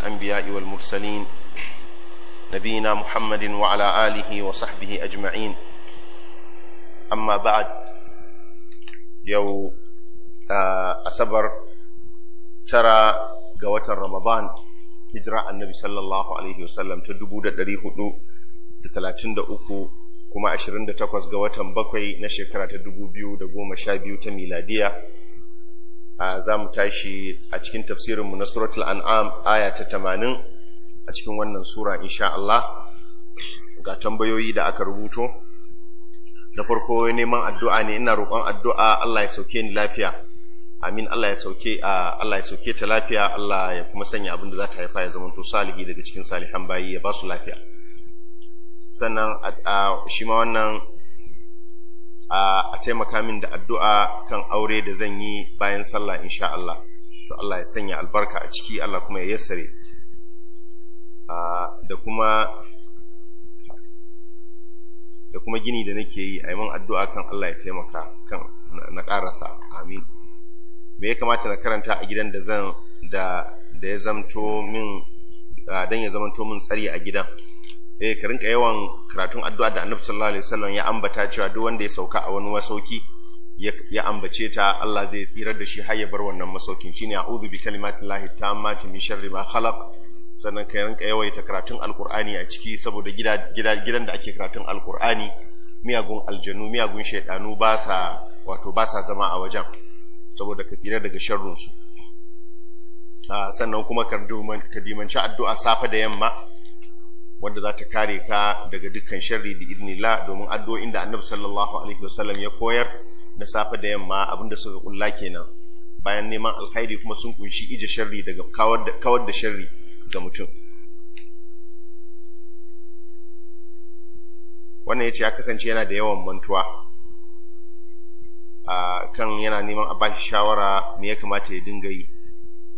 الأنبياء والمرسلين نبينا محمد وعلى آله وصحبه أجمعين أما بعد يو أسبر ترى قوة رمضان هجرة النبي صلى الله عليه وسلم تدبو دريه da talatin da uku kuma ashirin da takwas ga watan bakwai na shekara ta dubu biyu da goma sha biyu ta miladiya za mu tashi a cikin tafsirinmu na suratul an'am aya ta tamanin a cikin wannan sura insha Allah ga tambayoyi da aka rubuto da farko neman addu'a ne ina roƙon addu'a Allah ya sauke ni lafiya amin Allah ya sauke Allah ya sauke ta lafiya Allah ya kuma sanya abin da za ta haifa ya zama to salihi daga cikin salihan bayi ya ba su lafiya sannan shi ma wannan a taimaka min da addu'a kan aure da zan yi bayan sallah insha Allah to Allah ya sanya albarka a ciki Allah kuma ya yassare da kuma da kuma gini da nake yi a yi min addu'a kan Allah ya taimaka kan na ƙarasa amin me ya kamata na karanta a gidan da zan ya zamto ya zamanto min tsari a gidan eh ka rinka yawan karatun addu'a da annabi sallallahu alaihi wasallam ya ambata cewa duk wanda ya sauka a wani masauki ya ambace ta Allah zai tsirar da shi har ya bar wannan masaukin shine a'udhu bi llahi tammati min sharri ma khalaq sannan ka rinka yawaita karatun alqur'ani a ciki saboda gidan da ake karatun alqur'ani miyagun aljanu miyagun shaytanu ba sa wato ba sa zama a wajen saboda ka tsira daga sharrunsu ah, sannan kuma ka dimanci addu'a safe da yamma wanda za ta kare ka daga dukkan sharri da idnillah domin addu'o'in da annabi sallallahu alaihi wasallam ya koyar na safe da yamma abinda suka kulla kenan bayan neman alkhairi kuma sun kunshi ije sharri daga kawar da kawar da sharri ga mutum wannan yace ya kasance yana da yawan mantuwa a kan yana neman a bashi shawara me ya kamata ya dinga yi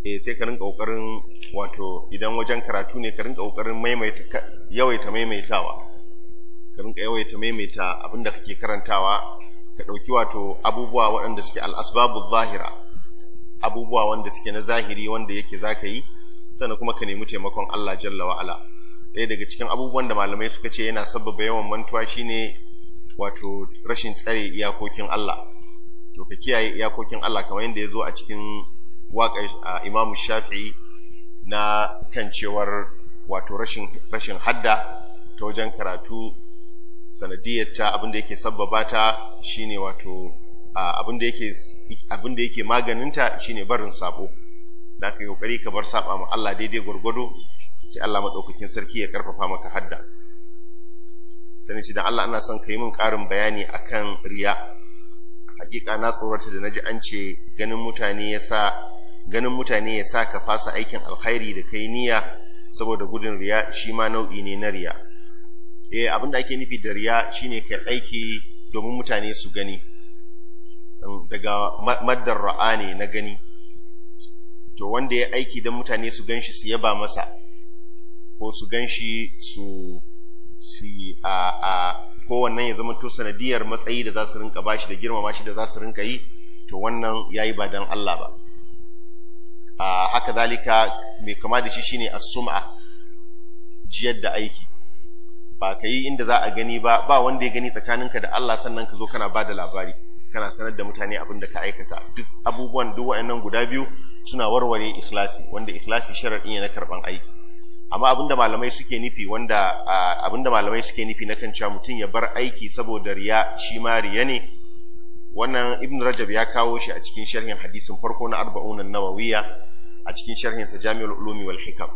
eh sai ka rinka kokarin wato idan wajen karatu ne ka rinka kokarin maimaita yawaita maimaitawa ka rinka yawaita maimaita abinda kake karantawa ka dauki wato abubuwa waɗanda suke al-asbabu zahira abubuwa wanda suke na zahiri wanda yake zaka yi sannan kuma ka nemi taimakon Allah jalla wa ala ɗaya daga cikin abubuwan da malamai suka ce yana sabbaba yawan mantuwa shine wato rashin tsare iyakokin Allah to ka kiyaye iyakokin Allah kamar yadda ya zo a cikin waƙar imamu shafi'i na kan cewar wato rashin hadda ta wajen karatu sanadiyarta abinda yake sabbaba ta ne wato abinda yake maganinta shi ne barin sabo da ka yi ƙoƙari ka bar saba ma Allah daidai gwargwado sai Allah maɗaukakin sarki ya ƙarfafa maka hadda sani shi da Allah ana son ka yi min ƙarin bayani a kan riya hakika na tsorata da na ji an ce ganin mutane ya sa ganin mutane ya sa ka fasa aikin alkhairi da kai niyya saboda gudun riya shi ma nau'i ne na riya eh abinda ake nufi da riya shine kai aiki domin mutane su gani um, daga maddar ra'a ne na gani to wanda ya aiki don mutane su ganshi su yaba masa ko su ganshi su si a a wannan ya zama to sanadiyar matsayi da za su rinka bashi da girmama shi da za su rinka yi to wannan yayi ba dan Allah ba haka zalika mai kama da shi shine as-sum'a jiyar da aiki ba ka yi inda za a gani ba ba wanda ya gani tsakaninka da Allah sannan ka zo kana ba da labari kana sanar da mutane abin da ka aikata duk abubuwan duk wa'annan guda biyu suna warware ikhlasi wanda ikhlasi sharaɗin ya na karban aiki amma da malamai suke nufi wanda da malamai suke nufi na kan cewa mutum ya bar aiki saboda riya shi ma riya ne wannan ibn rajab ya kawo shi a cikin sharhin hadisin farko na arba'unan nawawiya a cikin sharhin sa jami'ul ulumi wal hikam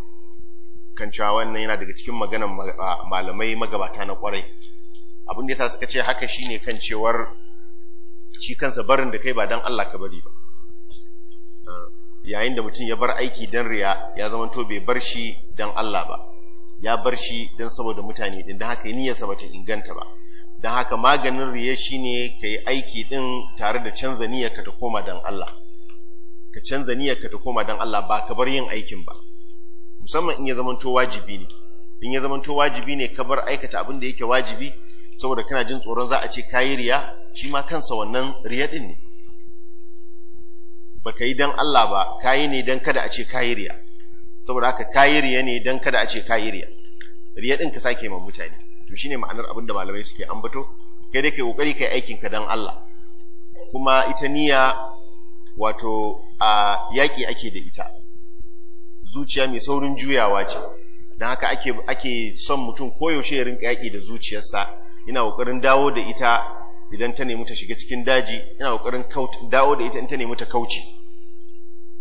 kan cewa wannan yana daga cikin maganan malamai magabata na kwarai abin da yasa suka ce haka shine kan cewar shi kansa barin da kai ba dan Allah ka bari ba yayin da mutum ya bar aiki dan riya ya zama to bai bar shi dan Allah ba ya bar shi dan saboda mutane din dan haka niyyarsa bata inganta ba don haka maganin riye shi ne ka yi aiki ɗin tare da canza niyyarka ta koma don Allah ka canza niyyarka ta koma don Allah ba ka bar yin aikin ba musamman in ya zamanto wajibi ne in ya zamanto wajibi ne ka bar aikata abin da yake wajibi saboda kana jin tsoron za a ce kayi riya shi ma kansa wannan riya ɗin ne ba ka yi don Allah ba kayi ne don kada a ce kayi riya saboda haka kayi riya ne don kada a ce kayi riya riya ɗin ka sake ma mutane to shine ma'anar abin da malamai suke ambato kai dai kai kokari kai aikin ka dan Allah kuma ita niyya wato a yaki ake da ita zuciya mai saurin juyawa ce dan haka ake, ake son mutum koyaushe ya rinka yaki da zuciyarsa ina ƙoƙarin dawo da ita idan ta nemi ta shiga cikin daji ina ƙoƙarin dawo da ita in ta nemi ta kauce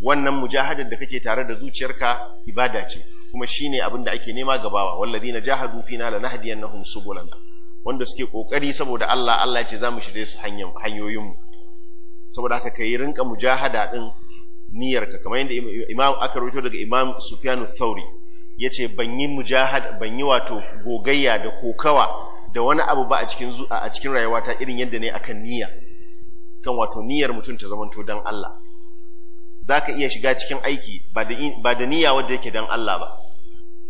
wannan mujahadar da kake tare da zuciyarka ibada ce kuma shine abin da ake nema gabawa wallazina jahadu fina lanahdiyannahum subulana wanda suke kokari saboda Allah Allah ce zamu shirye su hanyar hanyoyin mu saboda haka kai rinka mujahada din niyyarka kamar yadda imam aka rawaito daga imam Sufyan Thauri yace ban yi mujahada, ban yi wato gogayya da kokawa da wani abu ba a cikin a cikin rayuwata irin yadda ne akan niyya kan wato niyyar mutum ta zamanto dan Allah za ka iya shiga cikin aiki ba da niyya wadda yake dan Allah ba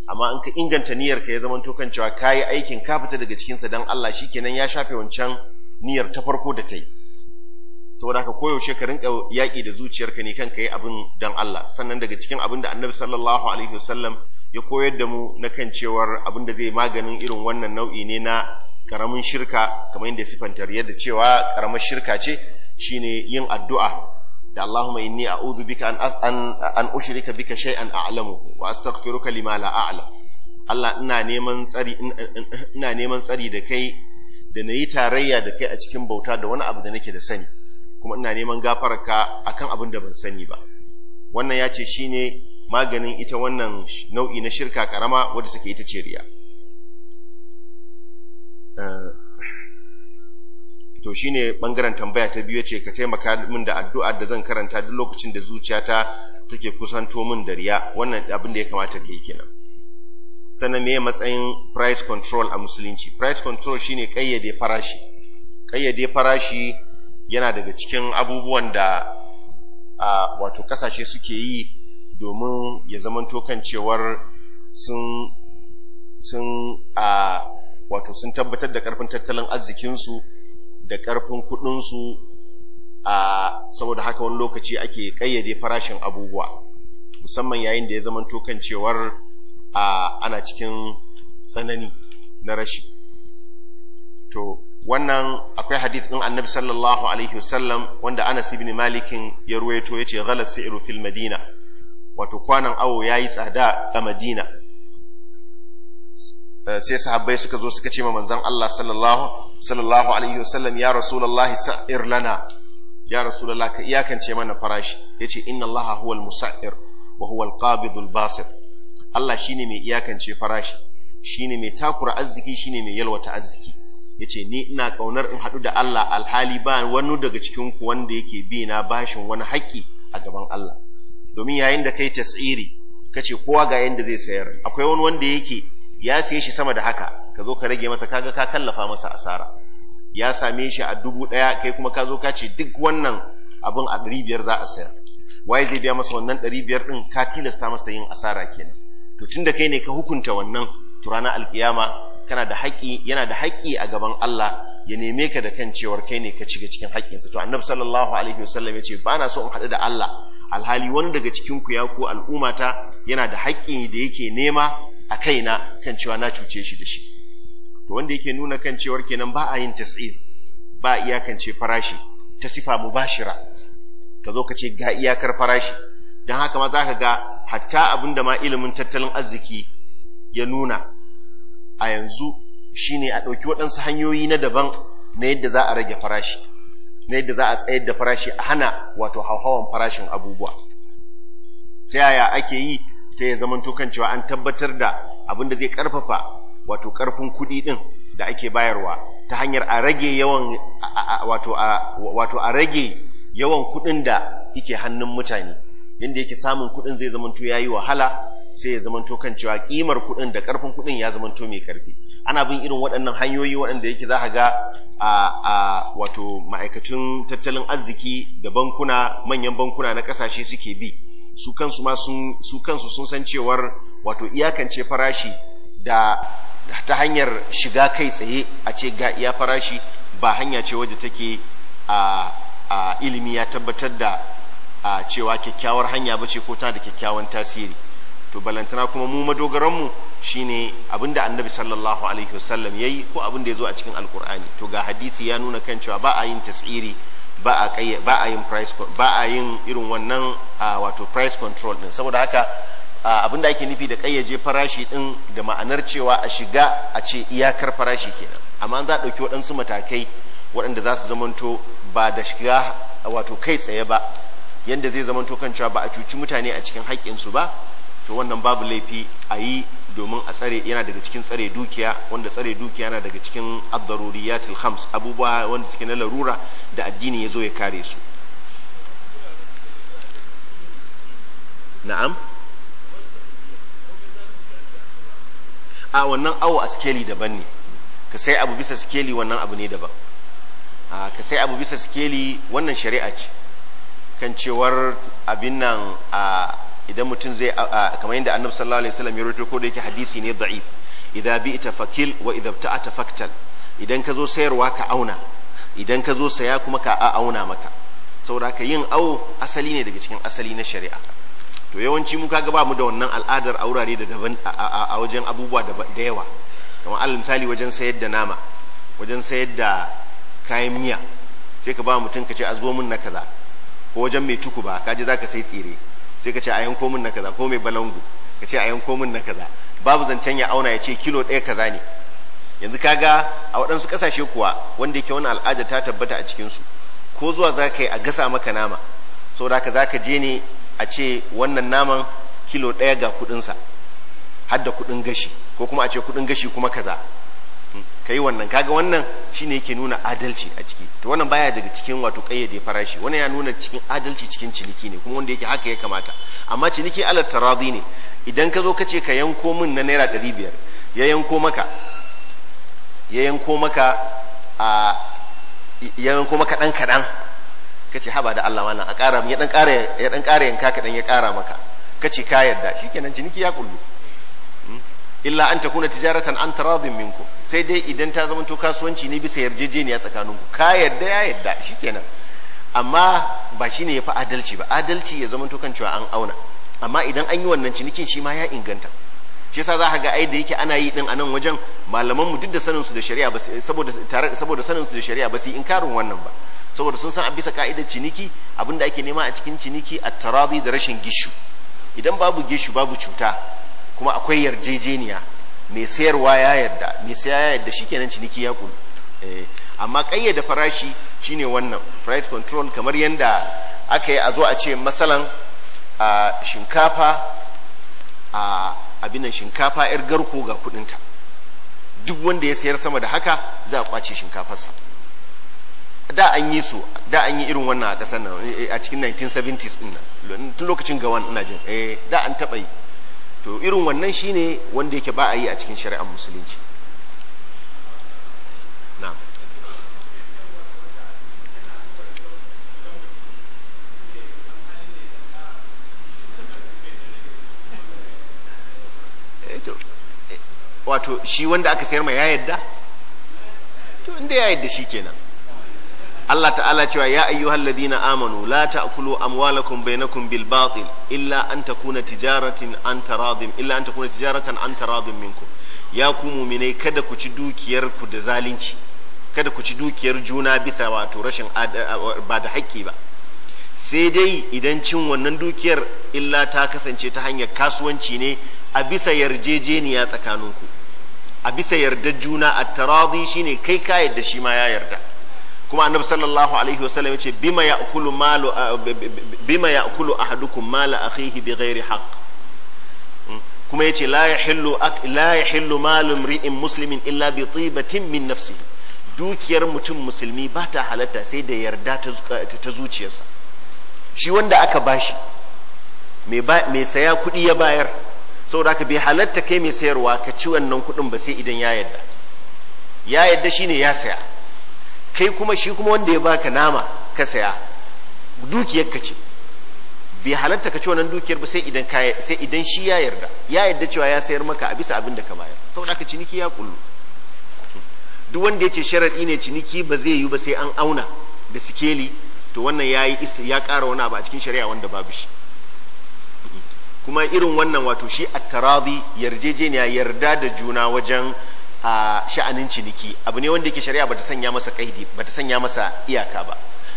amma in ka inganta ka ya zama kan cewa ka yi aikin ka fita daga cikinsa dan Allah shi kenan ya shafe wancan niyyar ta farko da kai saboda haka koyaushe ka rinka yaƙi da zuciyarka ne kan yi abin dan Allah sannan daga cikin abin da annabi sallallahu alaihi wasallam ya koyar da mu na kan cewar abin da zai maganin irin wannan nau'i ne na karamin shirka kamar yadda sifantar yadda cewa karamar shirka ce shine yin addu'a da Allahumma inni a'udhu bika an an, an ushrika bika shay'an a'lamu wa astaghfiruka lima la a'lam Allah ina neman tsari ina da kai da nayi tarayya da kai a cikin bauta da wani abu da nake da sani kuma ina neman gafararka akan abin da ban sani ba wannan ya ce shine maganin ita wannan nau'i na shirka karama wadda take ita ce riya eh, to shi ne ɓangaren tambaya ta biyu ce ka taimaka min da addu'a da zan karanta duk lokacin da zuciya ta take kusanto min da riya wannan abin da ya kamata ka yi kenan sannan me matsayin price control a musulunci price control shi ne kayyade farashi Ƙayyade farashi yana daga cikin abubuwan da wato kasashe suke yi domin ya zamanto kan cewar sun wato sun tabbatar da ƙarfin tattalin arzikinsu da ƙarfin kuɗinsu a saboda haka wani lokaci ake ƙayyade farashin abubuwa musamman yayin da ya zama tokan cewar ana cikin tsanani na rashi to wannan akwai hadith ɗin annabi sallallahu alaihi wasallam wanda anas ibn malikin ya ruwaito yace ghalas si'ru fil madina wato kwanan awo yayi tsada a madina Eh, sai sahabbai suka zo suka ce ma manzon Allah sallallahu sallallahu alaihi wasallam ya rasulullah sa'ir lana ya rasulallah ka iyakance mana farashi yace inna allaha huwal musa'ir wa huwal qabidul basir Allah shine mai iyakance farashi shine mai takura arziki shine mai yalwata arziki yace ni ina kaunar in haɗu da Allah alhali ba wani daga cikin ku wanda yake bi na bashin wani haƙƙi a gaban Allah domin yayin da kai tasiri kace kowa ga yanda zai sayar akwai wani wanda yake ya siye shi sama da haka ka zo ka rage masa kaga ka kallafa masa asara ya same shi a dubu ɗaya kai kuma ka zo ka ce duk wannan abin a ɗari biyar za a sayar waye zai biya masa wannan ɗari biyar ɗin ka tilasta masa yin asara kenan to tunda kai ne ka hukunta wannan to ranar alkiyama kana da haƙƙi yana da haƙƙi a gaban Allah ya neme ka da kan cewar kai ne ka shiga cikin haƙƙinsa to annabi sallallahu alaihi wasallam ya ce ba na so in haɗu da Allah alhali wani daga cikin ku ya ku al'ummata yana da haƙƙi da yake nema a kaina kan cewa na cuce shi da shi to wanda yake nuna kan cewar kenan ba a yin tas'ir ba a iyakance farashi ta sifa mubashira ka zo ka ce ga iyakar farashi don haka ma za ka ga hatta abin da ma ilimin tattalin arziki ya nuna a yanzu shine a ɗauki waɗansu hanyoyi na daban na yadda za a rage farashi na yadda za a tsayar da farashi a hana wato hauhawan farashin abubuwa ta yaya ake yi ta ya zaman kan cewa an tabbatar da abin da zai karfafa wato karfin kudi din da ake bayarwa ta hanyar a rage yawan wato a rage yawan kudin da yake hannun mutane inda yake samun kudin zai zamanto yi wahala sai ya zamanto kan cewa kimar kudin da karfin kudin ya zamanto mai karfi ana bin irin waɗannan hanyoyi waɗanda yake za a ga a a wato ma'aikacin tattalin arziki da bankuna manyan bankuna na ƙasashe suke bi su kansu ma sun su kansu sun san cewar wato iyakance farashi da ta hanyar shiga kai tsaye a ce ga iya farashi ba hanya ce waje take a a ilimi ya tabbatar da a cewa kyakkyawar hanya ba ce ko ta da kyakkyawan tasiri to balantana kuma mu madogaran madogaranmu shine abinda annabi sallallahu alaihi wasallam yayi ko abinda yazo a cikin alkur'ani to ga hadisi ya nuna kan cewa ba a yin tasiri ba a yin price ba a yin irin wannan wato price control din saboda haka abin da ake nufi da kayyaje farashi din da ma'anar cewa a shiga a ce iyakar farashi kenan amma an za a ɗauki waɗansu matakai waɗanda za su zamanto ba da shiga wato kai tsaye ba yadda zai zamanto kan cewa ba a cuci mutane a cikin haƙƙinsu ba to wannan babu laifi a yi domin a tsare yana daga cikin tsare dukiya wanda tsare dukiya yana daga cikin ad-daruriyatil khams abubuwa wanda suke na larura da addini ya zo ya kare su na'am a wannan awo a skeli daban ne ka sai abu bisa skeli wannan abu ne daban a ka sai abu bisa skeli wannan shari'a ce kan cewar abin nan a idan mutum zai kamar yadda annabi sallallahu alaihi wasallam ya rawaito ko da yake hadisi ne da'if idza bi'ta fakil wa idza ta'ata faktal idan kazo sayarwa ka auna idan kazo saya kuma ka a auna maka saboda ka yin awo asali ne daga cikin asali na shari'a to yawanci mu kaga ba mu da wannan al'adar a wurare da daban a wajen abubuwa da yawa kamar alal misali wajen sayar da nama wajen sayar da kayan miya sai ka ba mutum ka ce a zo min na kaza ko wajen mai tukuba ba kaje zaka sai tsire sai ka ce a yanko min na kaza ko mai balangu ka ce a yanko min na kaza babu zancen ya auna ya ce kilo ɗaya kaza ne yanzu ka ga a waɗansu ƙasashe kuwa wanda yake wani al'ada ta tabbata a cikinsu ko zuwa za ka yi a gasa maka nama saboda haka za ka je ne a ce wannan naman kilo ɗaya ga kuɗinsa har kuɗin gashi ko kuma a ce kuɗin gashi kuma kaza ka yi wannan kaga wannan shine yake nuna adalci a ciki to wannan baya daga cikin wato kayyade farashi wannan ya nuna cikin adalci cikin ciniki ne kuma wanda yake haka ya kamata amma ciniki alal taradi ne idan ka zo ka ce ka yanko min na naira ɗari biyar ya yanko maka ya yanko maka a ya yanko maka ɗan kaɗan ka ce haba da Allah wannan a ƙara ya ɗan ƙara ya ɗan ƙara yanka kaɗan ya ƙara maka ka ce ka yarda shikenan ciniki ya kullu hmm? illa an takuna tijaratan an taradin minkum sai dai idan ta zama to kasuwanci ne bisa yarjejeniya tsakanin ku ka yadda ya yadda shikenan amma ba shine yafi adalci ba adalci ya zama to kan cewa an auna amma idan an yi wannan cinikin shi ma ya inganta shi yasa za ka ga ai da yake ana yi din anan nan wajen malaman mu duk da sanin su da shari'a ba saboda tare saboda sanin su da shari'a ba su inkarin wannan ba saboda sun san a bisa ka'idar ciniki abinda ake nema a cikin ciniki a tarabi da rashin gishu idan babu gishu babu cuta kuma akwai yarjejeniya mai sayarwa ya yarda mai saya ya yarda shikenan ciniki ya kullu eh, amma kayyade farashi shine wannan price control kamar yadda aka yi a zo a ce masalan a shinkafa a abinan shinkafa yar garko ga kudinta duk wanda ya sayar sama da haka za a kwace shinkafarsa da an yi su da an yi irin wannan a ƙasar nan eh, a cikin 1970s din nan tun lokacin gawan ina jin eh da an taɓa yi to irin wannan shine wanda yake ba a yi a cikin shari'ar musulunci eh eh, wato shi wanda aka sayar mai ya yadda to inda ya yadda shi kenan Allah ta'ala cewa ya ayyuhal ladina amanu la ta'kulu amwalakum bainakum bil batil illa an takuna tijaratan an taradin illa an takuna tijaratan an taradin minkum ya ku mu'minai kada ku ci dukiyar ku da zalunci kada ku ci dukiyar juna bisa wato rashin ba da haƙƙi ba sai dai idan cin wannan dukiyar illa ta kasance ta hanyar kasuwanci ne a bisa yarjejeniya tsakaninku a bisa yardar juna at taradi shine kai ka yarda shi ma ya yarda kuma annabi sallallahu alaihi wasallam yace bima ya'kulu malu bima ya'kulu ahadukum mala akhihi bighairi haqq hmm. kuma yace la yahillu la yahillu malu imri'in muslimin illa bi tibatin min nafsi dukiyar mutum musulmi ba ta halatta sai da yarda ta zuciyarsa shi wanda aka bashi mai saya kuɗi ya bayar saboda haka bai halatta kai mai sayarwa ka ci wannan kuɗin ba sai idan ya yarda ya yarda shine ya saya kai kuma shi kuma wanda ya baka nama ka saya dukiyar ka ce bai halatta ka ci wannan dukiyar ba sai idan sai idan shi ya yarda ya yarda cewa ya sayar maka a bisa abin da ka bayar saboda ka ciniki ya kullu duk wanda ya ce sharadi ne ciniki ba zai yi ba sai an auna da sikeli to wannan ya yi ya ƙara wani abu a cikin shari'a wanda babu shi kuma irin wannan wato shi at-taradi yarjejeniya yarda da juna wajen a sha'anin ciniki abu ne wanda yake shari'a bata sanya masa kaidi bata sanya masa iyaka ba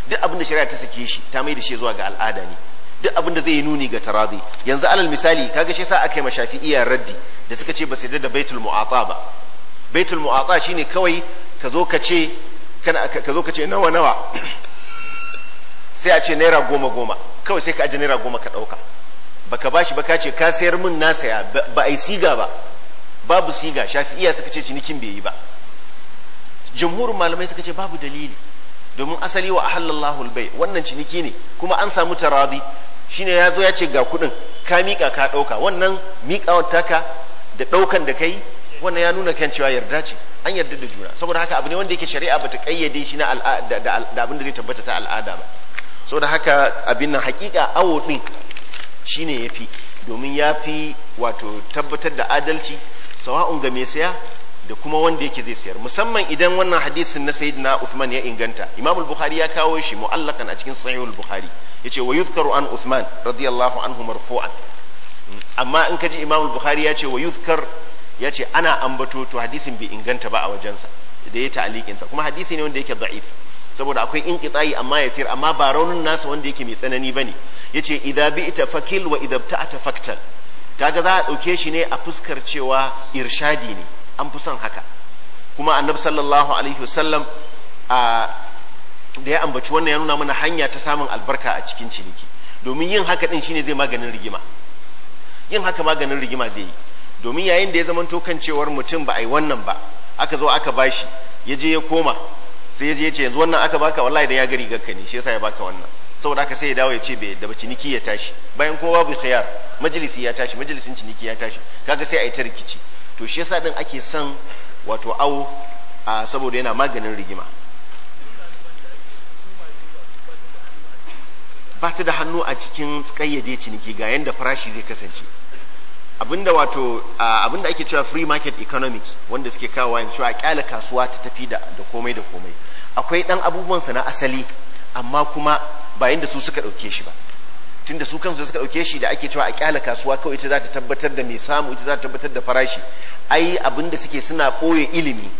duk abin da shari'a ta sake shi ta mai da shi zuwa ga al'ada ne duk abin da zai yi nuni ga tarazi yanzu alal misali kaga shi sa aka yi iya raddi da suka ce ba su da baitul mu'ata ba baitul mu'ata shine kawai ka zo ka ce ka zo ka ce nawa nawa sai a ce naira goma goma kawai sai ka aje naira goma ka dauka baka bashi ba ka ce ka sayar min na saya ba ai siga ba babu siga shafi'iya suka ce cinikin bai yi ba jamhurin malamai suka ce babu dalili domin asali wa ahallallahu albay wannan ciniki ne kuma an samu tarabi shine ya zo ya ce ga kudin ka mika ka dauka wannan miƙawar taka da daukan da kai wannan ya nuna kan cewa yarda ce an yarda da juna saboda haka abu ne wanda yake shari'a bata kayyade shi na al'ada da abin da zai tabbata ta al'ada ba saboda haka abin nan hakika awo din shine yafi domin ya fi wato tabbatar da adalci sawa'un ga mai saya da kuma wanda yake zai sayar musamman idan wannan hadisin na sayyidina Uthman ya inganta Imam al-Bukhari ya kawo shi mu'allakan a cikin sahih al-Bukhari yace wa yuzkaru an Uthman radiyallahu anhu marfu'an amma in kaji Imam al-Bukhari ya ce wa yuzkar ya ce ana ambato to hadisin bai inganta ba a wajensa da ya ta'alikinsa kuma hadisi ne wanda yake da'if saboda akwai inqita'i amma ya sayar amma ba raunin nasa wanda yake mai tsanani bane yace idza bi'ta fakil wa idza ta'ata faktal kaga za a ɗauke shi ne a fuskar cewa irshadi ne an fi son haka kuma annabi sallallahu alaihi wasallam a da ya ambaci wannan ya nuna mana hanya ta samun albarka a cikin ciniki domin yin haka din shine zai maganin rigima yin haka maganin rigima zai yi domin yayin da ya zama kan cewar mutum ba a yi wannan ba aka zo aka bashi ya je ya koma sai ya je ya ce yanzu wannan aka baka wallahi da ya gari rigar ne shi yasa ya baka wannan saboda haka sai ya dawo ya ce bai da ciniki ya tashi bayan kuma babu khiyar majalisi ya tashi majalisin ciniki ya tashi kaga sai a yi ta rikici to shi yasa din ake son wato awo a saboda yana maganin rigima ba ta da hannu a cikin kayyade ciniki ga yanda farashi zai kasance abinda wato abinda ake cewa free market economics wanda suke kawo yanzu a kyale kasuwa ta tafi da komai da komai akwai dan abubuwan sa na asali amma kuma ba da su suka ɗauke shi ba tunda su kansu suka dauke shi da ake cewa a kyala kasuwa kawai ita za ta tabbatar da mai samu ita za ta tabbatar da farashi ai abin da suke suna ɓoye ilimi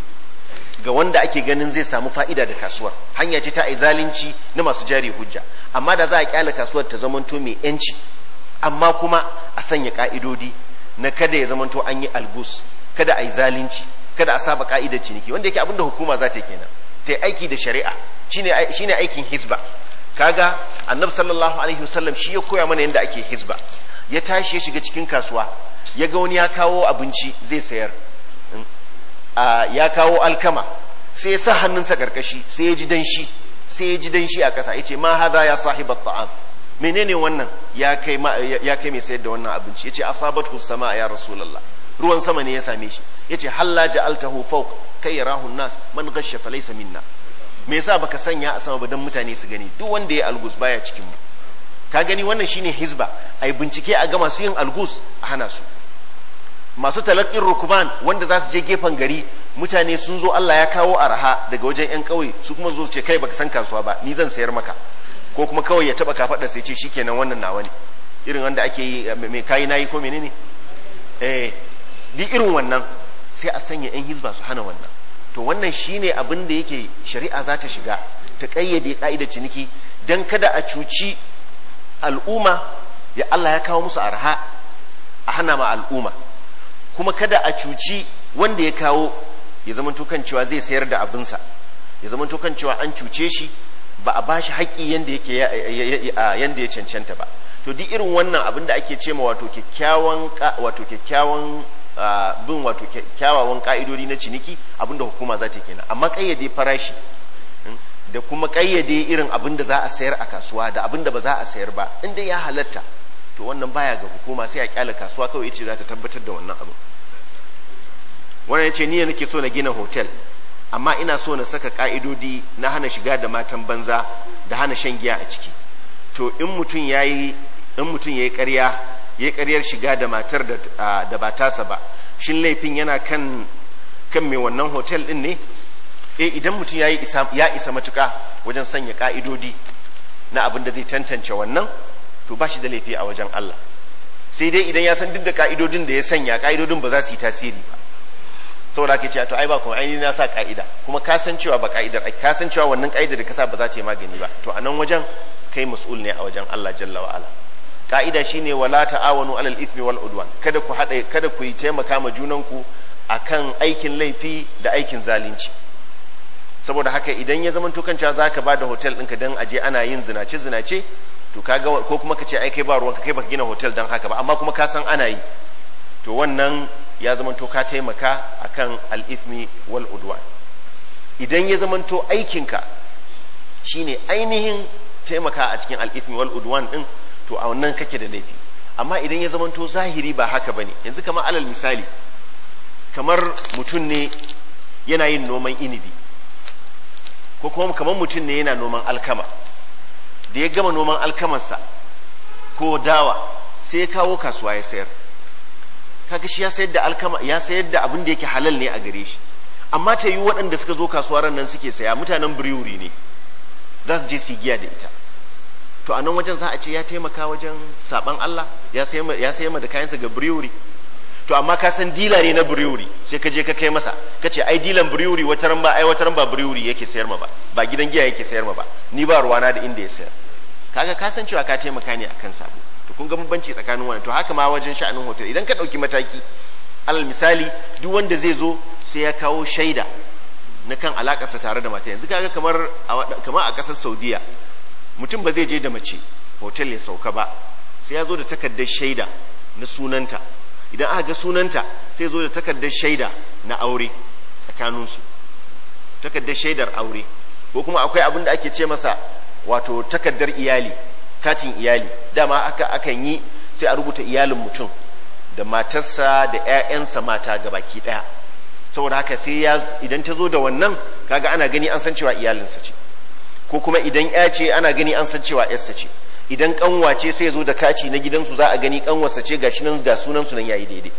ga wanda ake ganin zai samu fa'ida da kasuwar hanya ce ta ai zalunci na masu jari hujja amma da za a kyala kasuwar ta zamanto mai yanci amma kuma a sanya ka'idodi na kada ya zamanto an yi algus kada a yi zalunci kada a saba ka'idar ciniki wanda yake abinda hukuma za ta yi kenan ta yi aiki da shari'a shine aikin hisba kaga annabi sallallahu alaihi wasallam shi ya koya mana yadda ake hizba ya tashi ya shiga cikin kasuwa ya ga wani ya kawo abinci zai sayar hmm. ya kawo alkama sai ya sa hannunsa karkashi sai ya ji danshi sai ya ji danshi a ƙasa ya ce ma haza ya sahibat ta'am menene wannan ya kai mai sayar da wannan abinci ya ce asabat sama ya rasulallah ruwan sama ne ya same shi ya ce halla ja'altahu fawq kai yarahun nas man ghashsha falaysa minna me yasa baka sanya a sama ba don mutane su gani duk wanda ya algus baya cikin mu ka gani wannan shine hizba ai bincike a ga masu yin algus a hana su masu talakin rukuban wanda za su je gefen gari mutane sun zo Allah ya kawo araha daga wajen yan kauye su kuma zo ce kai baka san kasuwa ba ni zan sayar maka ko kuma kawai ya taba kafaɗa sai ce shikenan wannan nawa ne irin wanda ake yi eh, mai kayi nayi ko menene eh di irin wannan sai a sanya yan hizba su hana wannan to wannan shine abin da yake shari'a za ta shiga ta kayyade ka'ida ciniki don kada a cuci al'umma ya Allah ya kawo musu arha a hana ma al'umma kuma kada a cuci wanda ya kawo ya zama tukan cewa zai sayar da abinsa ya zama kan cewa an cuce shi ba a bashi haƙƙi yanda yake yanda ya cancanta ba to duk irin wannan abin da ake ce ma wato kyakkyawan wato kyakkyawan bin wato kyawawan ka'idodi na ciniki abinda hukuma za ta kenan amma kayyade farashi hmm, da kuma kayyade irin abinda za a sayar a kasuwa da abinda ba za a sayar ba inda ya halatta to wannan baya ga hukuma sai a kyala kasuwa kawai ce za ta tabbatar da wannan abu wannan ya ce ni nake so na gina hotel amma ina so na saka ka'idodi na hana shiga da matan banza da hana shan giya a ciki to in mutum yayi in mutum yayi ƙarya ya ƙaryar shiga da matar da ba tasa ba shin laifin yana kan kan mai wannan hotel din ne eh idan mutum ya isa ya isa matuka wajen sanya ka'idodi na abin da zai tantance wannan to ba shi da laifi a wajen Allah sai dai idan ya san duk da ka'idodin da ya sanya ka'idodin ba za su yi tasiri ba saboda ake cewa to ai ba kuma ai na sa ka'ida kuma ka san cewa ba ka'idar ai ka san cewa wannan ka'idar da ka sa ba za ta yi magani ba to a nan wajen kai mas'ul ne a wajen Allah jalla wa ala ka'ida shine wala ta'awanu alal ithmi wal udwan kada ku hada kada ku yi taimaka ma junanku akan aikin laifi da aikin zalunci saboda haka idan ya zama tukanca zaka bada hotel ɗinka dan aje ana yin zinace zinace to kaga ko kuma kace ai kai ba ruwanka kai baka gina hotel dan haka ba amma kuma ka san ana yi to wannan ya zama to ka taimaka akan al ithmi wal udwan idan ya zama to aikinka shine ainihin taimaka a cikin al ithmi wal udwan din to a wannan kake da laifi amma idan ya zamanto zahiri ba haka bane yanzu kamar alal misali kamar mutum ne yana yin noman inibi ko kuma kamar mutum ne yana noman alkama da ya gama noman alkamarsa ko dawa sai ya kawo kasuwa ya sayar kaga shi ya sayar da alkama ya sayar da abin da yake halal ne a gare shi amma ta yi waɗanda suka zo kasuwa nan suke saya mutanen biriwuri ne za su je su giya da ita to a nan wajen za a ce ya taimaka wajen saban Allah ya sai ma da kayansa ga brewery to amma ka san dila ne na brewery sai ka je ka kai masa ka ce ai dilan brewery wata ramba ai wata ramba brewery yake sayar ma ba ba gidan giya yake sayar ma ba ni ba ruwana da inda ya sayar kaga ka san cewa ka taimaka ne akan sabo to kun ga bambanci tsakanin wannan to haka ma wajen sha'anin hotel idan ka dauki mataki alal misali duk wanda zai zo sai ya kawo shaida na kan alakarsa tare da mata yanzu kaga kamar kamar a kasar Saudiya mutum ba zai je da mace hotel ya sauka ba sai ya zo da takardar shaida na sunanta idan aka ga sunanta sai zo da takardar shaida na aure tsakaninsu takardar shaidar aure ko kuma akwai abin da ake ce masa wato takardar iyali katin iyali dama aka akan yi sai a rubuta iyalin mutum da matarsa da 'ya'yansa mata ga baki ɗaya saboda haka sai ya idan ta zo da wannan kaga ana gani an san cewa iyalinsa ce ko kuma idan ya ce ana gani an san cewa yarsa ce idan kanwa ce sai zo da kaci na gidansu za a gani kanwarsa ce ga nan ga sunan su nan yayi daidai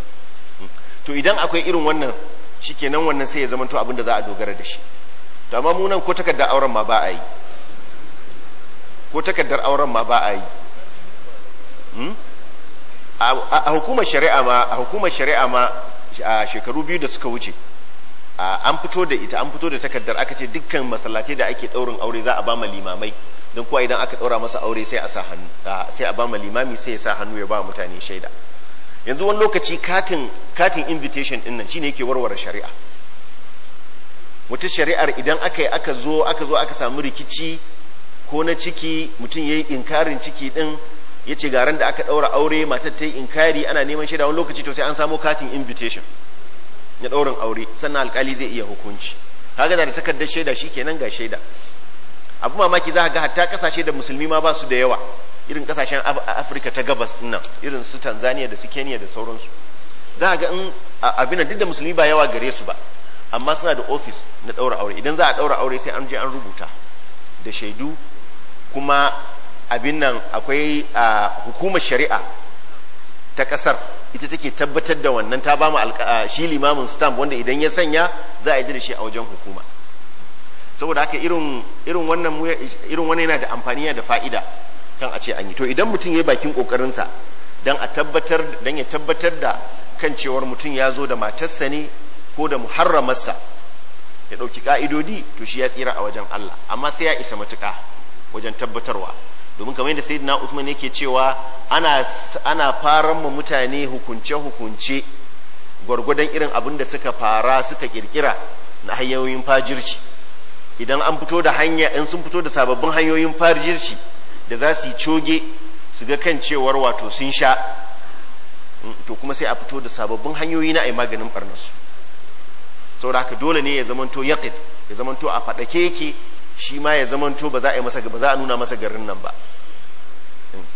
to idan akwai irin wannan shikenan wannan sai ya zamanto abin da za a dogara da shi to amma mu nan ko takardar auren ma ba a yi ko takardar auren ma ba a yi hmm? a hukumar shari'a ma a hukumar shari'a ma a shekaru biyu da suka wuce an fito da ita an fito da takardar aka ce dukkan masallatai da ake daurin aure za a ba ma limamai don kuwa idan aka daura masa aure sai a sa hannu sai a ba limami sai ya sa hannu ya ba mutane shaida yanzu wani lokaci katin katin invitation din nan shine yake warware shari'a mutum shari'ar idan aka yi aka zo aka zo aka samu rikici ko na ciki mutum yayi inkarin ciki din yace garan da aka daura aure matar ta yi inkari ana neman shaida wani lokaci to sai an samu katin invitation na ɗaurin aure sannan alkali zai iya hukunci kaga da takardar shaida shi kenan ga shaida abu mamaki za a ga hatta kasashe da musulmi ma ba su da yawa irin kasashen afirka ta gabas nan irin su tanzania da su kenya da sauransu za ga in abin duk da musulmi ba yawa gare su ba amma suna da ofis na ɗaura aure idan za a ɗaura aure sai an je an rubuta da shaidu kuma abin nan akwai hukumar shari'a ta ƙasar ita take tabbatar da wannan ta ba mu shi limamin stamp wanda idan ya sanya za a yi da shi a wajen hukuma saboda haka irin irin wannan irin wannan yana da amfani da fa'ida kan a ce an yi to idan mutum ya bakin kokarin sa a tabbatar dan ya tabbatar da kan cewar mutum ya zo da matarsa ne ko da muharramarsa ya ɗauki ka'idodi to shi ya tsira a wajen Allah amma sai ya isa matuƙa wajen tabbatarwa domin kamar yadda sayyidina Uthman yake cewa ana ana faran mu mutane hukunce hukunce gwargwadon irin abin da suka fara suka kirkira na hanyoyin fajirci idan an fito da hanya in sun fito da sababbin hanyoyin fajirci da za su yi coge su ga kan cewar wato sun sha mm, to kuma sai a fito da sababbin hanyoyi na ai maganin barnasu saboda haka dole ne ya zamanto yaqid ya zamanto a faɗake yake shi ma ya zamanto ba za a nuna masa garin nan ba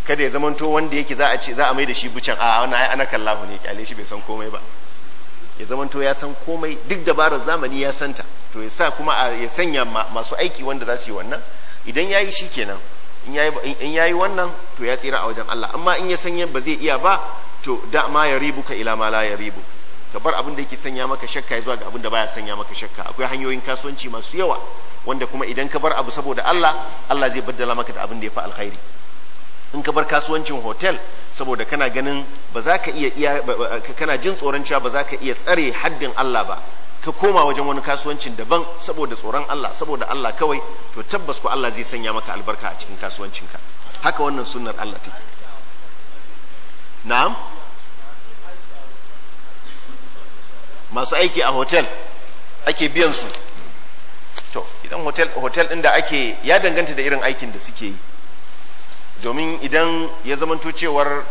kada ya zamanto wanda yake za a ce za a mai da shi bucan a wani ai ana kallahu ne kyale shi bai san komai ba ya zamanto ya san komai duk dabarar zamani ya santa to ya sa kuma ya sanya masu aiki wanda za su yi wannan idan ya yi shi kenan in ya yi wannan to ya tsira a wajen Allah amma in ya sanya ba zai iya ba to da ma ya ribuka ila ma la ya ribuka ka bar abin da yake sanya maka shakka zuwa ga abin da baya sanya maka shakka akwai hanyoyin kasuwanci masu yawa wanda kuma idan ka bar abu saboda Allah Allah zai baddala maka da abin da ya fi alkhairi in ka bar kasuwancin hotel saboda kana ganin ba za ka iya kana jin tsoron cewa ba za ka iya tsare haddin Allah ba ka koma wajen wani kasuwancin daban saboda tsoron Allah saboda Allah kawai to tabbas ko Allah zai sanya maka albarka a cikin kasuwancinka haka wannan sunnar Allah take na'am masu aiki a hotel ake biyan su to idan hotel hotel din da ake ya danganta da irin aikin da suke yi domin idan ya zamanto cewar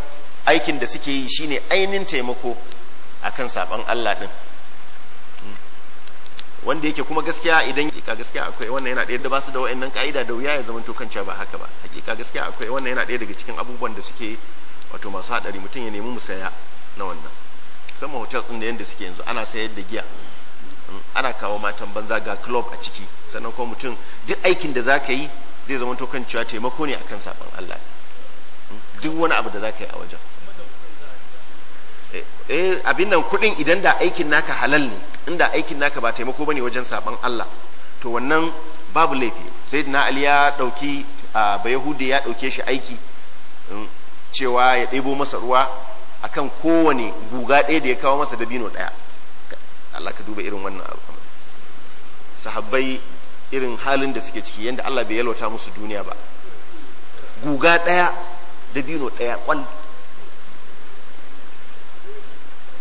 aikin da suke yi shine ainihin taimako akan saban Allah din wanda yake kuma gaskiya idan hakika gaskiya akwai wannan yana ɗaya da ba su da wayannan ka'ida da wuya ya zama to cewa ba haka ba hakika gaskiya akwai wannan yana ɗaya daga cikin abubuwan da suke wato masu haɗari mutum ya nemi musaya na wannan musamman hotel din da yanda suke yanzu ana sayar da giya ana kawo matan banza ga club a ciki sannan kuma mutum duk aikin da zaka yi zai zama to kan cewa taimako ne akan sabon Allah duk wani abu da zaka yi a wajen eh, eh abin nan kudin idan da aikin naka halal ne inda aikin naka ba taimako bane wajen saban Allah to wannan babu laifi sai na Ali ya dauki ah, ba ya dauke shi aiki mm, cewa ya ɗebo masa ruwa akan kowane guga ɗaya da ya kawo masa dabino ɗaya Allah ka duba irin wannan abu sahabbai irin halin da suke ciki yadda Allah bai yalwata musu duniya ba guga ɗaya dabino ɗaya ƙwal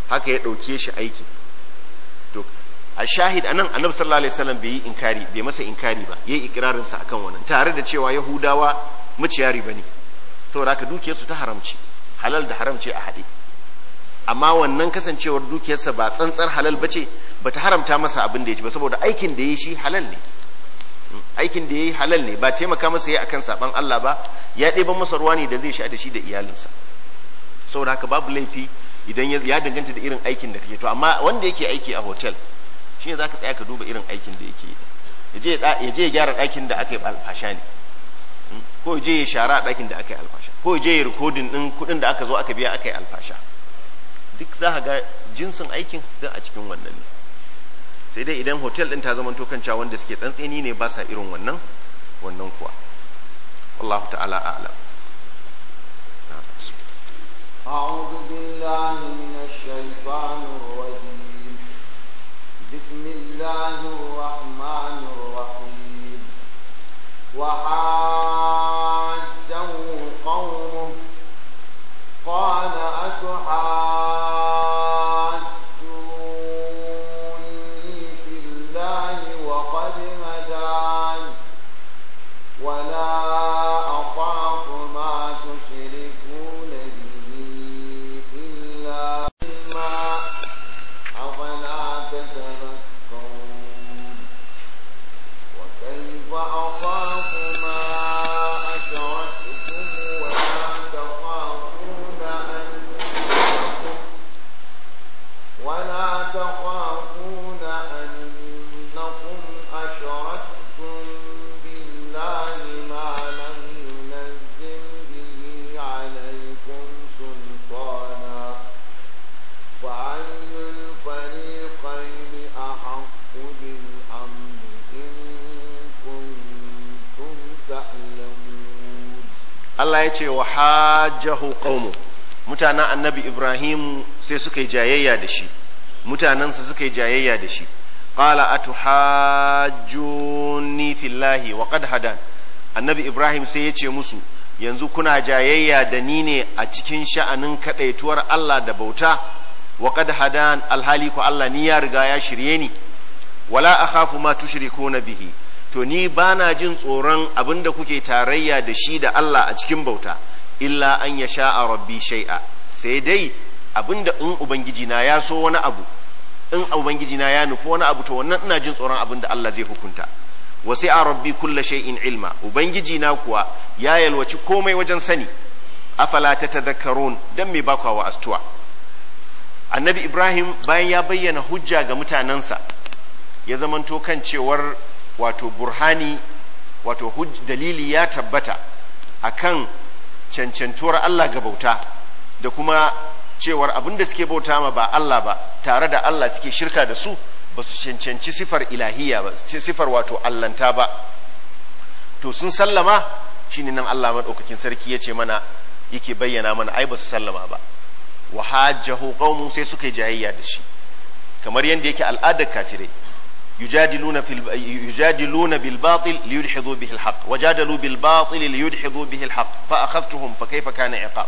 haka ya ɗauke shi aiki to a shahid anan annabi sallallahu alaihi wasallam bai yi inkari bai masa inkari ba yayi ikirarin sa akan wannan tare da cewa yahudawa maciyari ba ne saboda haka su ta haramci halal da haram ce a haɗe amma wannan kasancewar dukiyarsa ba tsantsar halal ba ce ba ta haramta masa abin da ya ci ba saboda aikin da ya yi shi halal ne aikin da ya yi halal ne ba taimaka masa ya a kan saɓan Allah ba ya ɗeban masa ruwa ne da zai sha da shi da iyalinsa saboda haka babu laifi idan ya danganta da irin aikin da kake to amma wanda yake aiki a hotel shine zaka tsaya ka duba irin aikin da yake ya je ya gyara ɗakin da aka yi alfasha ne ko je ya shara a ɗakin da aka yi alfasha ko je ya rikodin ɗin kuɗin da aka zo aka biya aka yi alfasha duk za ga jinsin aikin don a cikin wannan ne sai dai idan hotel ɗin ta zama tokanca wanda suke tsantseni ne ba sa irin wannan wannan kuwa Allah ta'ala a'lam أعوذ بالله من الشيطان الرجيم بسم الله الرحمن الرحيم وحاجه قومه قال ta'ala ya ce wa hajjahu ƙaunu mutanen annabi ibrahim sai suka yi jayayya da shi mutanensa suka yi jayayya da shi qala atuhajjuni fillahi wa ƙad hadan annabi ibrahim sai ya ce musu yanzu kuna jayayya da ni ne a cikin sha'anin kadaituwar Allah da bauta wa ƙad hadan alhali ku Allah ni ya riga ya shirye ni wala kafu ma ko na bihi to ni ba na jin tsoron abin da kuke tarayya da shi da Allah a cikin bauta illa an ya sha rabbi shai'a sai dai abin da in ubangiji na ya so wani abu in ubangiji na ya nufi wani abu to wannan ina jin tsoron abin da Allah zai hukunta wasi a rabbi kulla shay'in ilma ubangiji na kuwa ya yalwaci komai wajen sani afala ta zakarun dan me ba wa astuwa annabi ibrahim bayan ya bayyana hujja ga mutanensa ya zamanto kan cewar wato burhani wato dalili ya tabbata a kan cancantuwar Allah ga bauta da kuma cewar abinda suke bauta ma ba Allah ba tare da Allah suke shirka da su ba su cancanci sifar ilahiya ba sifar wato allanta ba to sun sallama shine nan Allah maɗaukakin sarki ya ce mana yake bayyana mana ai ba su sallama ba wa hajjahu qaumu sai suka yi jayayya da shi kamar yadda yake al'adar kafirai يجادلون في الب... يجادلون بالباطل ليدحضوا به الحق وجادلوا بالباطل ليدحضوا به الحق فأخذتهم فكيف كان عقاب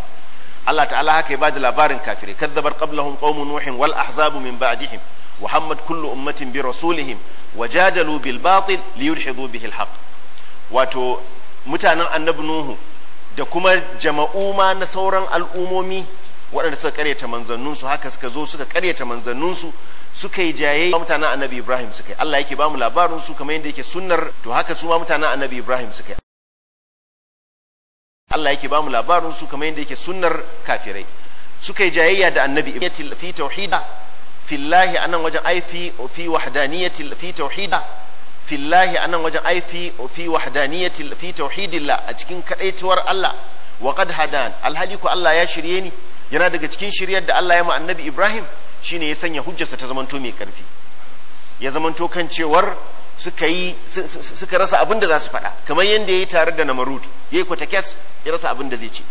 الله تعالى هكا بعد الأبار كافر كذبت قبلهم قوم نوح والأحزاب من بعدهم وحمد كل أمة برسولهم وجادلوا بالباطل ليدحضوا به الحق واتو متانا النبي نوح da kuma jama'u ma na sauran al'umomi waɗanda suka karyata manzanninsu haka suka zo suka karyata manzanninsu suka yi jaye mutanen annabi ibrahim suka yi allah yake ba mu labarin su kamar yadda yake sunnar to haka su ma mutanen annabi ibrahim suka yi allah yake ba mu labarin su kamar yadda yake sunnar kafirai suka yi jayayya da annabi ibrahim fi tauhida fillahi anan wajen ai fi fi wahdaniyati fi tauhida fillahi anan wajen ai fi fi wahdaniyati fi tauhidillah a cikin kadaituwar allah wa qad hadan alhali ko allah ya shirye ni yana daga cikin shiryar da allah ya ma annabi ibrahim shine ya sanya hujjarsa ta zamanto mai karfi ya zamanto kan cewar suka rasa abin da za su faɗa kamar yadda ya yi tare da namarut ya yi kwata ya rasa abin da zai ce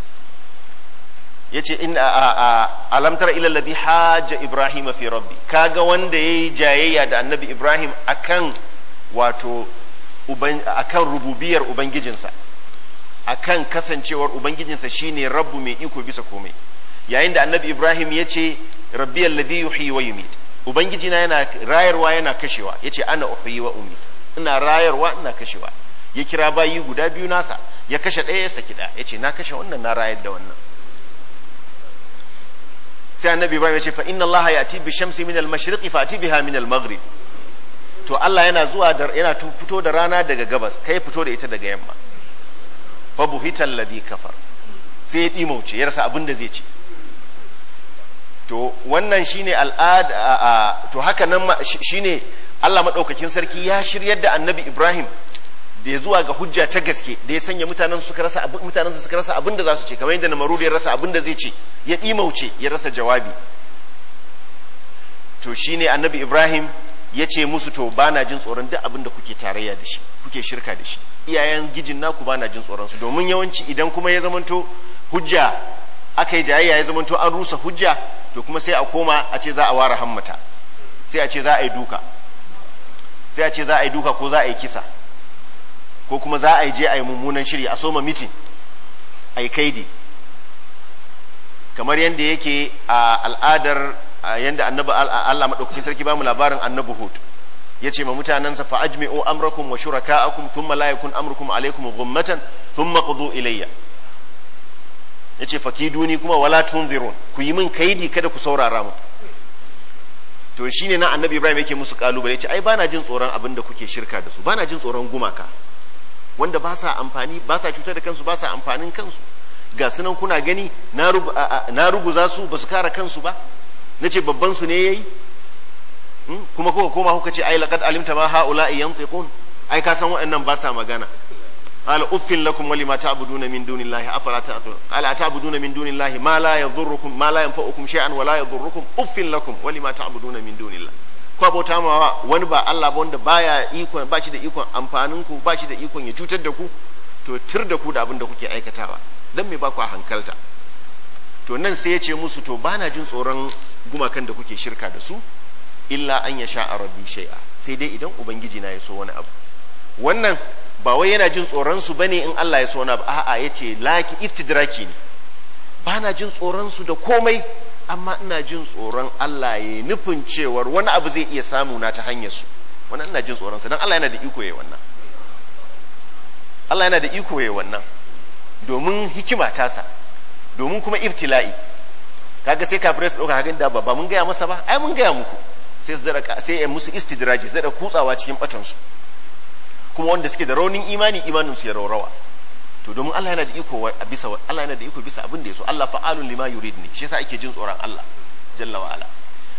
ya ce in alamtar ilalabi haja ibrahim fi rabbi kaga wanda ya yi jayayya da annabi ibrahim akan wato akan rububiyar ubangijinsa akan kasancewar ubangijinsa shine rabbu mai iko bisa komai yayin da annabi ibrahim ya ce rabbi alladhi yuhyi wa yumit ubangiji na yana rayarwa yana kashewa yace ana uhyi wa umit ina rayarwa ina kashewa ya kira bayi guda biyu nasa ya kashe ɗaya ya saki ɗaya yace na kashe wannan na rayar da wannan sai annabi ibrahim ya ce fa inna allaha ya'ti bi shamsi min al-mashriqi fa ati biha min al-maghrib to allah yana zuwa da yana fito da rana daga gabas kai fito da ita daga yamma fa buhita alladhi kafar sai ya dimauce ya rasa abin da zai ce to wannan shine al'ada to haka nan shine Allah madaukakin sarki ya shiryar da annabi Ibrahim da zuwa ga hujja ta gaske da ya sanya mutanen suka rasa abin mutanen suka rasa abin da za su ce kamar yadda namarud ya rasa abin zai ce ya dimauce ya rasa jawabi to shine annabi Ibrahim ya ce musu to bana jin tsoron duk abin kuke tarayya da shi kuke shirka da shi iyayen gijin naku bana jin tsoron su domin yawanci idan kuma ya zamanto hujja aka yi jayayya ya zamanto an rusa hujja to kuma sai a koma a ce za a ware hammata sai a ce za a yi duka sai a ce za a yi duka ko za a yi kisa ko kuma za a yi je a yi mummunan shiri a soma mitin a yi kaidi kamar yadda yake a al'adar yadda annabi Allah maɗaukakin sarki ba mu labarin annabi Hud ya ce ma mutanensa fa ajmi'u amrakum wa shuraka'akum thumma la yakun amrukum alaykum ghummatan thumma qudu ilayya yace fakiduni kuma wala tunzirun ku yi min kaidi kada ku saurara mu to shine na annabi Ibrahim yake musu kalubale ce ai bana jin tsoron abin da kuke shirka da su bana jin tsoron gumaka wanda ba sa amfani ba sa cutar da kansu ba sa amfanin kansu ga sunan kuna gani na ruguza su ba su kara kansu ba nace babban su ne yayi hmm? kuma kuka koma kuka ce ai laqad alimta ma haula yantiqun ai ka san waɗannan ba sa magana قال اف لكم ولما تعبدون من دون الله افلا تعقلون قال اتعبدون من دون الله ما لا يضركم ما لا ينفعكم شيئا ولا يضركم اف لكم ولما تعبدون من دون الله ko abota ma wani ba Allah ba wanda baya ikon ba shi da ikon amfanin ku ba shi da ikon ya cutar da ku to tir da ku da abin da kuke aikatawa dan me ba ku hankalta to nan sai ya ce musu to bana jin tsoron gumakan da kuke shirka da su illa an yasha rabbi shay'a sai dai idan ubangiji na ya so wani abu wannan ba wai yana jin tsoron su bane in Allah ya so na ba a'a yace laki istidraki ne ba na jin tsoron su da komai amma ina jin tsoron Allah ya nufin cewar wani abu zai iya samu na ta hanyar su wannan ina jin tsoron su dan Allah yana da iko yayin wannan Allah yana da iko yayin wannan domin hikima ta sa domin kuma ibtila'i kaga sai kafirai su dauka hakan da ba ba mun gaya masa ba ai mun gaya muku sai su dara sai musu istidraji sai da kutsawa cikin batansu su kuma wanda suke da raunin imani imanin su ya raurawa to domin Allah yana da iko a bisa Allah yana da iko bisa abin da yaso Allah fa'alun lima yurid ne shi yasa ake jin tsoron Allah jalla wa ala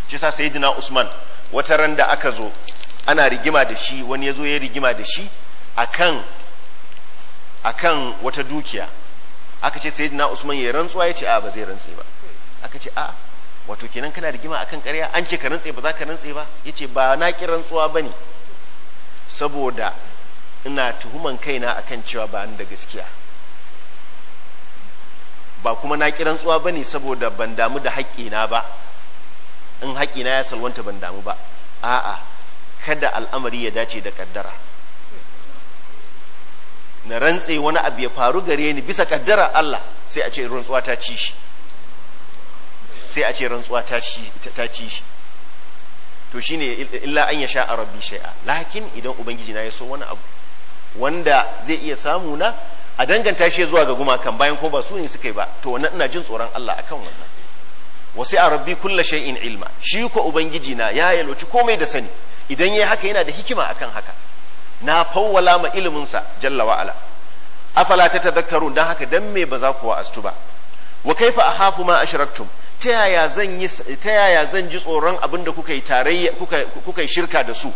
shi yasa sayyidina Usman wata ran da aka zo ana rigima da shi wani yazo ya rigima da shi akan akan wata dukiya aka ce sayyidina Usman ya rantsuwa ya ce a ba zai rantse ba aka ce a wato kenan kana rigima akan ƙarya an ce ka rantse ba za ka rantse ba yace ba na ki rantsuwa bane saboda ina tuhuman kaina akan cewa ba da gaskiya ba kuma na kiran tsuwa ba ne saboda ban damu da haƙƙina ba in haƙƙina ya salwanta ban damu ba a'a kada al'amari ya dace da kaddara na rantse wani abu ya faru gare ni bisa kaddara Allah sai a ce rantsuwa ta ci shi sai a ce rantsuwa ta ci shi to shine illa an ya sha a rabbi shay'a lakin idan ubangiji na ya so wani abu wanda zai iya samu na a danganta shi zuwa ga gumakan bayan ko ba su ne suka yi ba to wannan ina jin tsoron Allah akan wannan wasi a rabbi kulla shay'in ilma shi ko ubangiji na ya yaloci komai da sani idan yayi haka yana da hikima akan haka na fawwala ma ilimin sa jalla wa ala afala tatadhakkaru dan haka dan me ba za ku wa'astu ba wa kaifa ahafu ma ashraktum ta yaya zan yi ta yaya zan ji tsoron abinda kuka yi tarayya kuka kuka shirka da su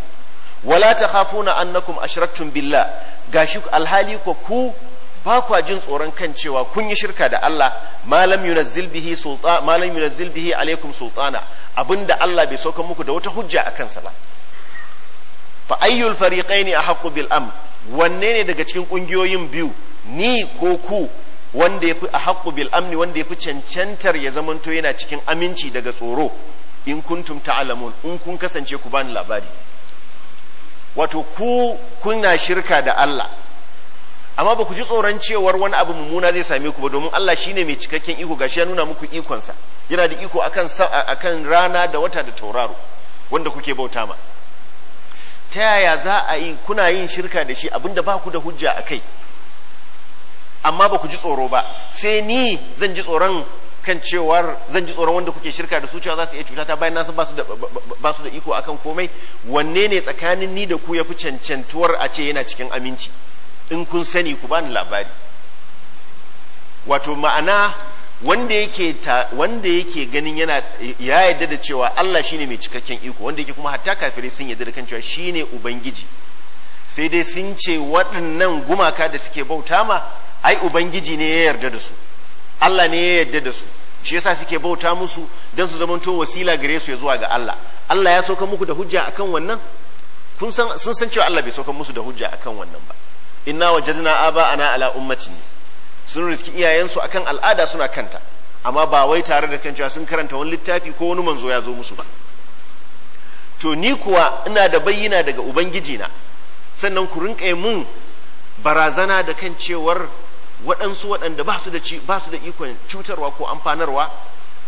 wala takhafuna annakum ashraktum billah gashi alhali ko ku ba jin tsoron kan cewa kun yi shirka da Allah malam yunazzil bihi sultan malam yunazzil bihi alaikum sultana abinda Allah bai sauka muku da wata hujja akan sa ba fa ayyul fariqaini ahqqu bil am wanne ne daga cikin kungiyoyin biyu ni ko ku wanda yafi ahqqu bil amni wanda yafi cancantar ya zamanto yana cikin aminci daga tsoro in kuntum ta'lamun in kun kasance ku bani labari wato ku kuna shirka da Allah amma ba ku ji tsoron cewar wani abu mummuna zai same ku ba domin Allah shi shine mai cikakken iko gashi ya nuna muku ikonsa yana da iko akan akan rana da wata da tauraro wanda kuke bauta ma ta yaya za a yi kuna yin shirka da shi abinda ba ku da hujja a kai amma ba ku ji tsoro ba sai ni zan ji tsoron kan cewar zan ji tsoron wanda kuke shirka da su cewa za su iya cuta ta bayan nasu ba su da iko akan komai wanne ne tsakanin ni da ku ya fi cancantuwar a ce yana cikin aminci in kun sani ku bani labari wato ma'ana wanda yake ganin yana ya yarda da cewa Allah shine mai cikakken iko wanda yake kuma hatta kafirai sun yarda da kan cewa shine ubangiji sai dai sun ce waɗannan gumaka da suke bauta ma ai ubangiji ne ya yarda da su Allah ne ya yadda da su shi yasa suke bauta musu don su zamanto wasila gare su ya zuwa ga Allah Allah ya sauka muku da hujja akan wannan kun san sun san cewa Allah bai sauka musu da hujja akan wannan ba inna wajadna aba ana ala ummati sun riski iyayensu akan al'ada suna kanta amma ba wai tare da kan cewa sun karanta wani littafi ko wani manzo ya zo musu ba to ni kuwa ina da bayyana daga ubangiji na sannan ku rinka mun barazana da kan cewar waɗansu waɗanda ba su da ikon cutarwa ko amfanarwa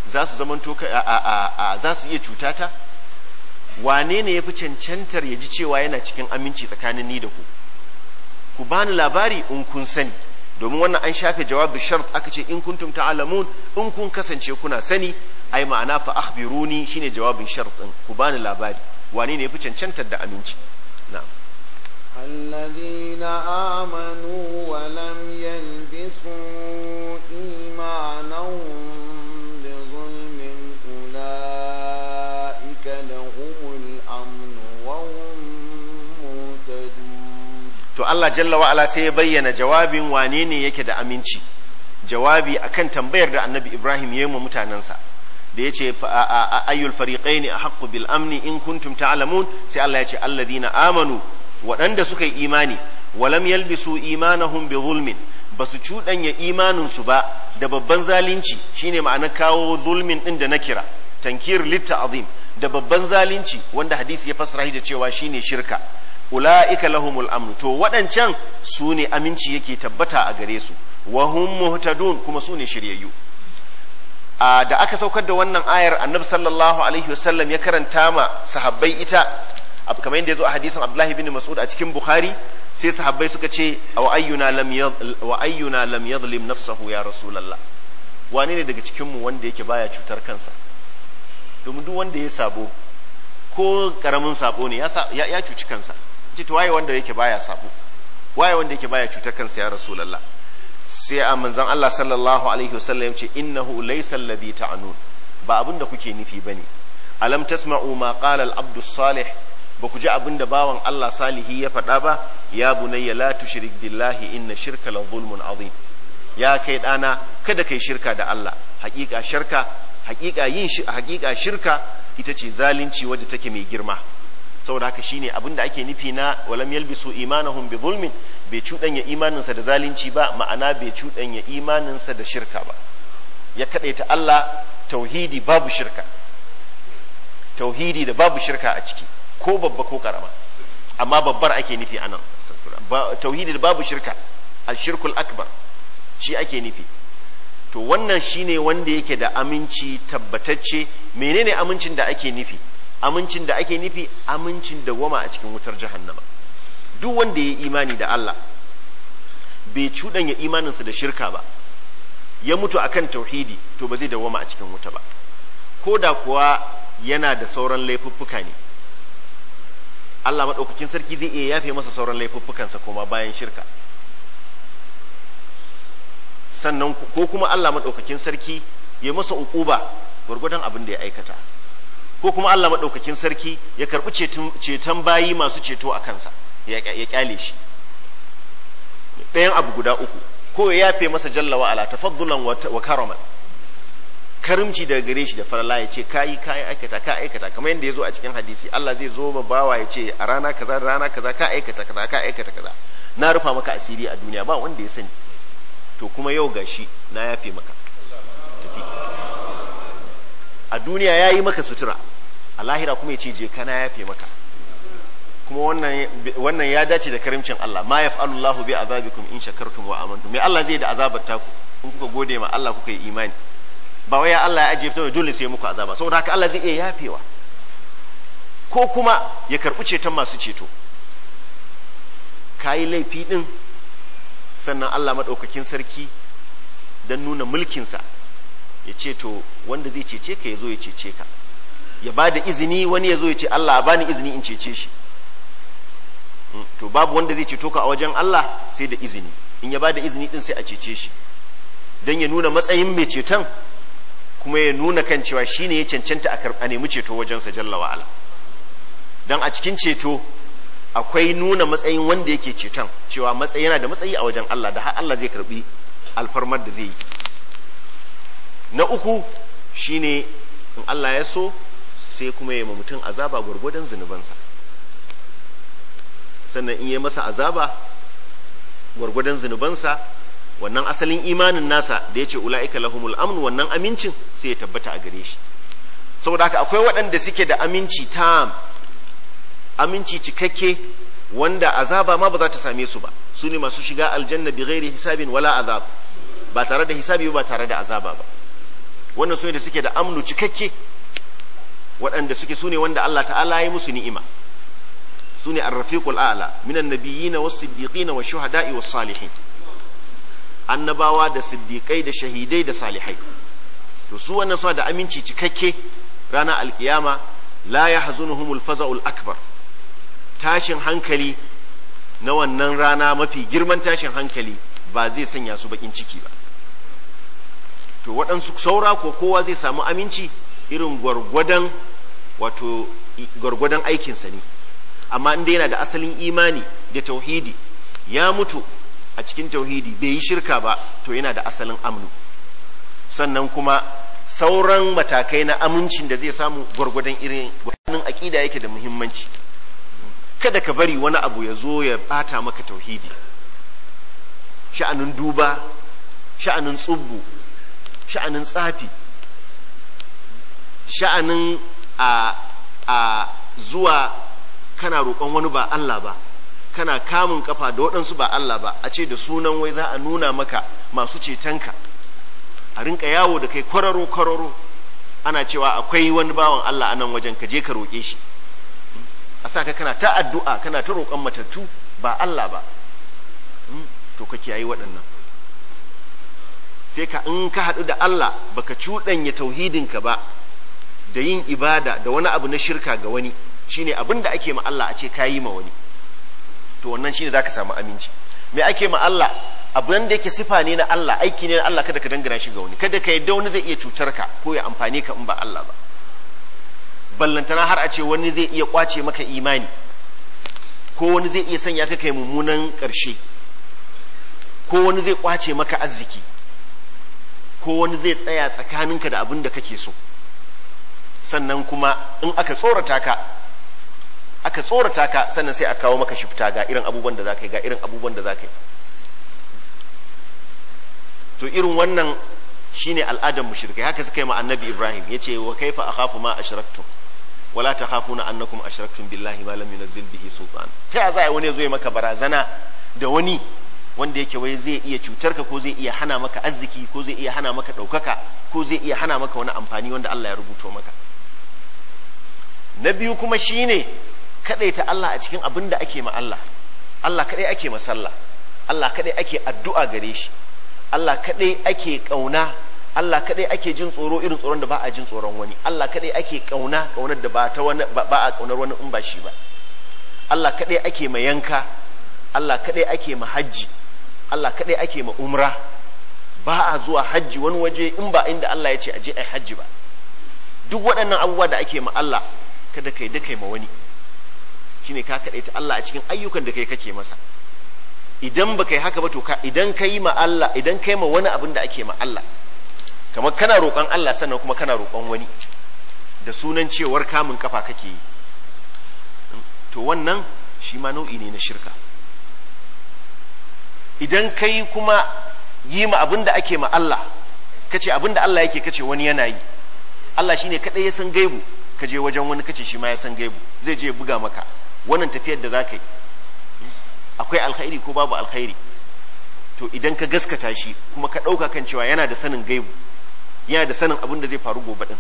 za su zama a za su iya cutata wane ne ya fi cancantar ya ji cewa yana cikin aminci tsakanin ni da ku ku bani labari in kun sani domin wannan an shafe jawabin shart aka ce in kuntum ta'lamun in kun kasance kuna sani ai ma'ana fa akhbiruni shine jawabin shart din ku bani labari wane ne ya fi cancantar da aminci الذين آمنوا ولم يلبسوا إيمانهم بظلم أولئك لهم الأمن وهم مهتدون تو الله جل وعلا سيبين جواب وانيني يكد أمينشي jawabi akan tambayar da annabi Ibrahim ya yi wa mutanensa da ya ce ayyul fariƙai ne a haƙƙo bil amni in kuntum ta'lamun sai Allah ya ce alladhina amanu waɗanda suka yi imani walam yalbisu imanahum bi zulmin ba su cuɗanya imaninsu ba da babban zalunci shine ma'ana kawo zulmin ɗin da na kira tankir litta azim da babban zalunci wanda hadisi ya fassara shi da cewa shine shirka ula'ika lahumul amn to waɗancan su ne aminci yake tabbata a gare su wa hum muhtadun kuma su ne shiryayyu da aka saukar da wannan ayar annabi sallallahu alaihi wasallam ya karanta ma sahabbai ita abu kamar yadda ya zo a hadisin abdullahi bin mas'ud a cikin bukhari sai sahabbai suka ce wa ayyuna lam wa ayyuna lam yadhlim nafsahu ya rasulullah wane ne daga cikin mu wanda yake baya cutar kansa domin duk wanda ya sabo ko karamin sabo ne ya cuci kansa ce to waye wanda yake baya sabo waye wanda yake baya cutar kansa ya rasulullah sai a manzon Allah sallallahu alaihi wasallam ce innahu laysa alladhi ta'anun ba abin da kuke nufi bane alam tasma'u ma qala al-abdu salih ba ku ji abin da bawan Allah salihi ya faɗa ba ya bunayya la tushrik billahi inna shirka la zulmun azim ya kai ɗana kada kai shirka da Allah haƙiƙa shirka haƙiƙa yin haƙiƙa shirka ita ce zalunci wadda take mai girma saboda haka shine abin da ake nufi na walam yalbisu imanahum bi zulmin bai cuɗanya imaninsa da zalunci ba ma'ana bai cuɗanya imaninsa da shirka ba ya kaɗaita Allah tauhidi babu shirka tauhidi da babu shirka a ciki ko babba ko karama amma babbar ake nufi anan tauhidi babu shirka al-shirkul akbar shi ake nufi to wannan shine wanda yake da aminci tabbatacce menene amincin da ake nufi amincin da ake nufi amincin da goma a cikin wutar jahannama duk wanda ya yi imani da Allah bai imanin imaninsa da shirka ba ya mutu akan tauhidi to ba zai dawwama a cikin wuta ba ko da kuwa yana da sauran laifuffuka ne Allah maɗaukakin sarki zai iya yafe masa sauran laifuffukansa koma bayan shirka sannan ko kuma Allah maɗaukakin sarki ya masa uquba gwargwadon abin da ya aikata ko kuma Allah maɗaukakin sarki ya karɓi ceton bayi masu ceto a kansa ya kyale shi ɗayan abu guda uku ko ya yafe masa jalla wa'ala tafaddulan wa karaman karimci daga gare shi da farla ya ce kayi kayi aikata ka aikata kamar yadda ya zo a cikin hadisi Allah zai zo ma bawa ya ce a rana kaza rana kaza ka aikata kaza ka aikata kaza na rufa maka asiri a duniya ba wanda ya sani to kuma yau gashi na yafe maka tafi a duniya ya yi maka sutura a lahira kuma ya ce je ka na yafe maka kuma wannan ya dace da karimcin Allah ma yaf'alullahu bi azabikum in shakartum wa amantum me Allah zai da azabar taku in kuka gode ma Allah kuka yi imani ba wai Allah ya ajiye ta dole sai muku azaba saboda haka Allah zai iya yafewa ko kuma ya karɓi ceton masu ceto kayi laifi din sannan Allah maɗaukakin sarki don nuna mulkinsa ya ce to wanda zai cece ka ya zo ya cece ka ya ba da izini wani ya zo ya ce Allah ba ni izini in cece shi hmm, to babu wanda zai ceto ka a wajen Allah sai da izini in ya ba da izini din sai a cece shi don ya nuna matsayin mai ceton kuma ya nuna kan cewa shi ne ya cancanta a nemi ceto wajensa jalla wa'ala don a cikin ceto akwai nuna matsayin wanda yake ceton cewa matsayi yana da matsayi a wajen Allah da har Allah zai karbi alfarmar da zai yi na uku shi ne in Allah ya so sai kuma ya mutum azaba gwargwadon zunubansa sannan in ya masa azaba gwargwadon zunubansa wannan asalin imanin nasa da ya ce ulaika lahumul amn wannan amincin sai ya tabbata a gare shi saboda haka akwai waɗanda suke da aminci tam aminci cikakke wanda azaba ma ba za ta same su ba su ne masu shiga aljanna bi ghairi hisabin wala azab ba tare da hisabi ba tare da azaba ba wannan su ne da suke da amnu cikakke waɗanda suke su ne wanda Allah ta'ala ya musu ni'ima su ne arrafiqul a'la minan nabiyyin was siddiqin was shuhada'i was salihin annabawa da siddiƙai da shahidai da salihai to su wannan suna da aminci cikakke ranar alƙiyama la ya hazunuhumul faza'ul akbar tashin hankali na wannan rana mafi girman tashin hankali ba zai sanya su bakin ciki ba to waɗansu saura ko kowa zai samu aminci irin gwargwadon wato gwargwadon aikinsa ne amma inda yana da asalin imani da tauhidi ya mutu a cikin tauhidi bai yi shirka ba to yana da asalin amnu sannan kuma sauran matakai na amincin da zai samu gwargwadon irin gwanin aƙida yake da muhimmanci kada ka bari wani abu ya zo ya bata maka tauhidi sha'anin duba sha'anin tsubbu sha'anin tsafi sha'anin a, a zuwa kana roƙon wani ba Allah ba kana kamun kafa da waɗansu ba Allah ba a ce da sunan wai za a nuna maka masu cetonka a rinka yawo da kai kwararo kwararo ana cewa akwai wani bawan Allah a nan wajen ka je ka roƙe shi hmm? a sa ka kana ta addu'a kana ta roƙon matattu ba Allah ba hmm? to ka kiyaye waɗannan sai ka in ka haɗu da Allah baka cuɗanya tauhidinka ba da yin ibada da wani abu na shirka ga wani shine abin da ake ma Allah a ce ka yi ma wani to wannan shine zaka samu aminci me ake ma Allah Abu da yake sifa ne na Allah aiki ne na Allah kada ka dangana shi ga wani kada ka yadda wani zai iya cutar ka ko ya amfane ka in ba Allah ba ballantana har a ce wani zai iya kwace maka imani ko wani zai iya sanya ka kai mummunan karshe ko wani zai kwace maka arziki ko wani zai tsaya tsakaninka da abin da kake so sannan kuma in aka tsorata ka aka tsorata ka sannan sai a kawo maka shifta ga irin abubuwan da zaka yi ga irin abubuwan da zaka yi to irin wannan shine al'adar mushrikai haka suka yi ma annabi Ibrahim yace wa kaifa akhafu ma ashraktum wala takhafuna annakum ashraktum billahi ma lam yunzil bihi sultan ta za zai wani zo ya maka barazana da wani wanda yake wai zai iya cutar ka ko zai iya hana maka arziki ko zai iya hana maka ɗaukaka ko zai iya hana maka wani amfani wanda Allah ya rubuto maka na biyu kuma shine kadaita Allah a cikin abin da ake ma Allah Allah kadai ake masalla Allah kadai ake addu'a gare shi Allah kadai ake kauna Allah kadai ake jin tsoro irin tsoron da ba a jin tsoron wani Allah kadai ake kauna kaunar da ba ta wani ba a kaunar wani in ba shi ba Allah kadai ake ma yanka Allah kadai ake ma hajji Allah kadai ake ma umra ba a zuwa hajji wani waje in ba inda Allah ya ce a je ai hajji ba duk waɗannan abubuwa da ake ma Allah kada kai da kai ma wani shine ka kaɗaita Allah a cikin ayyukan da kai kake masa idan baka yi haka ba to idan ka yi ma Allah idan ka ma wani abin da ake ma Allah kamar kana roƙon Allah sannan kuma kana roƙon wani da sunan cewar kamun kafa kake yi to wannan shi ma nau'i ne na shirka idan ka yi kuma yi ma abin da ake ma Allah kace abin da Allah yake kace wani yana yi Allah shine kadai ya san gaibu ka je wajen wani kace shi ma ya san gaibu zai je buga maka wannan tafiyar da za ka yi akwai alkhairi ko babu alkhairi to idan ka gaskata shi kuma ka ɗauka kan cewa yana da sanin gaibu yana da sanin abin da zai faru gobe ɗin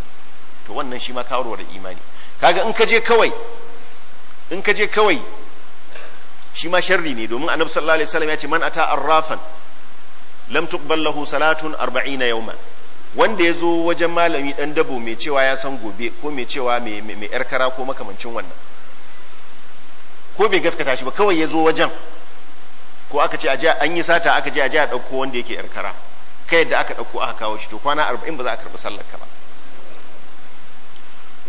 to wannan shi ma kawarwa imani kaga in ka je kawai in ka je kawai shi ma sharri ne domin annabi sallallahu alaihi wasallam ya ce man ata arrafan lam tuqbal lahu salatun 40 yawma wanda ya zo wajen malami ɗan dabo mai cewa ya san gobe ko mai cewa mai yar kara ko makamancin wannan ko bai gaskata shi ba kawai ya zo wajen ko aka ce aje an yi sata aka je aje a ɗauko wanda yake kara kai yadda aka ɗauko aka kawo shi to kwana arba'in ba za a karɓi sallar ka ba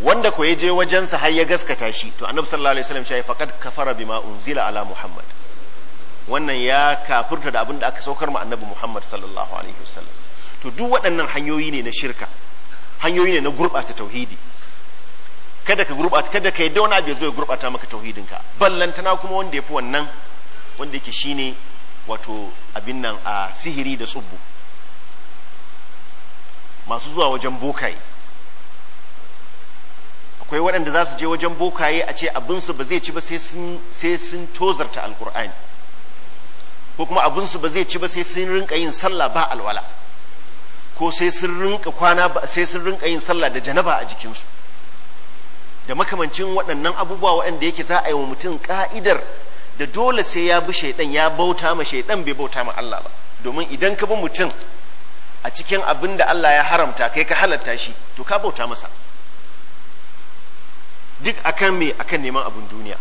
wanda ko ya je wajensa har ya gaskata shi to annabi sallallahu alaihi wasallam shi faqad kafara bima unzila ala muhammad wannan ya kafirta da abin da aka saukar ma annabi muhammad sallallahu alaihi wasallam to duk waɗannan hanyoyi ne na shirka hanyoyi ne na gurɓata tauhidi kada ka gurbata kada ka yadda wani abu ya zo ya gurbata maka tauhidinka ballantana kuma wanda ya fi wannan wanda yake shine wato abin nan a sihiri da tsubbu masu zuwa wajen bokaye akwai waɗanda za su je wajen bokaye a ce abinsu ba zai ci ba sai sun tozarta alkur'ani ko kuma abinsu ba zai ci ba sai sun rinka yin sallah ba alwala ko sai sun rinka kwana sai sun rinka yin sallah da janaba a jikinsu da makamancin waɗannan abubuwa waɗanda yake za a yi wa mutum ƙa'idar da dole sai ya bi shaidan ya bauta ma shaidan bai bauta ma Allah ba domin idan ka bi mutum a cikin abin da Allah ya haramta kai ka halatta shi to ka bauta masa duk akan me akan neman abin duniya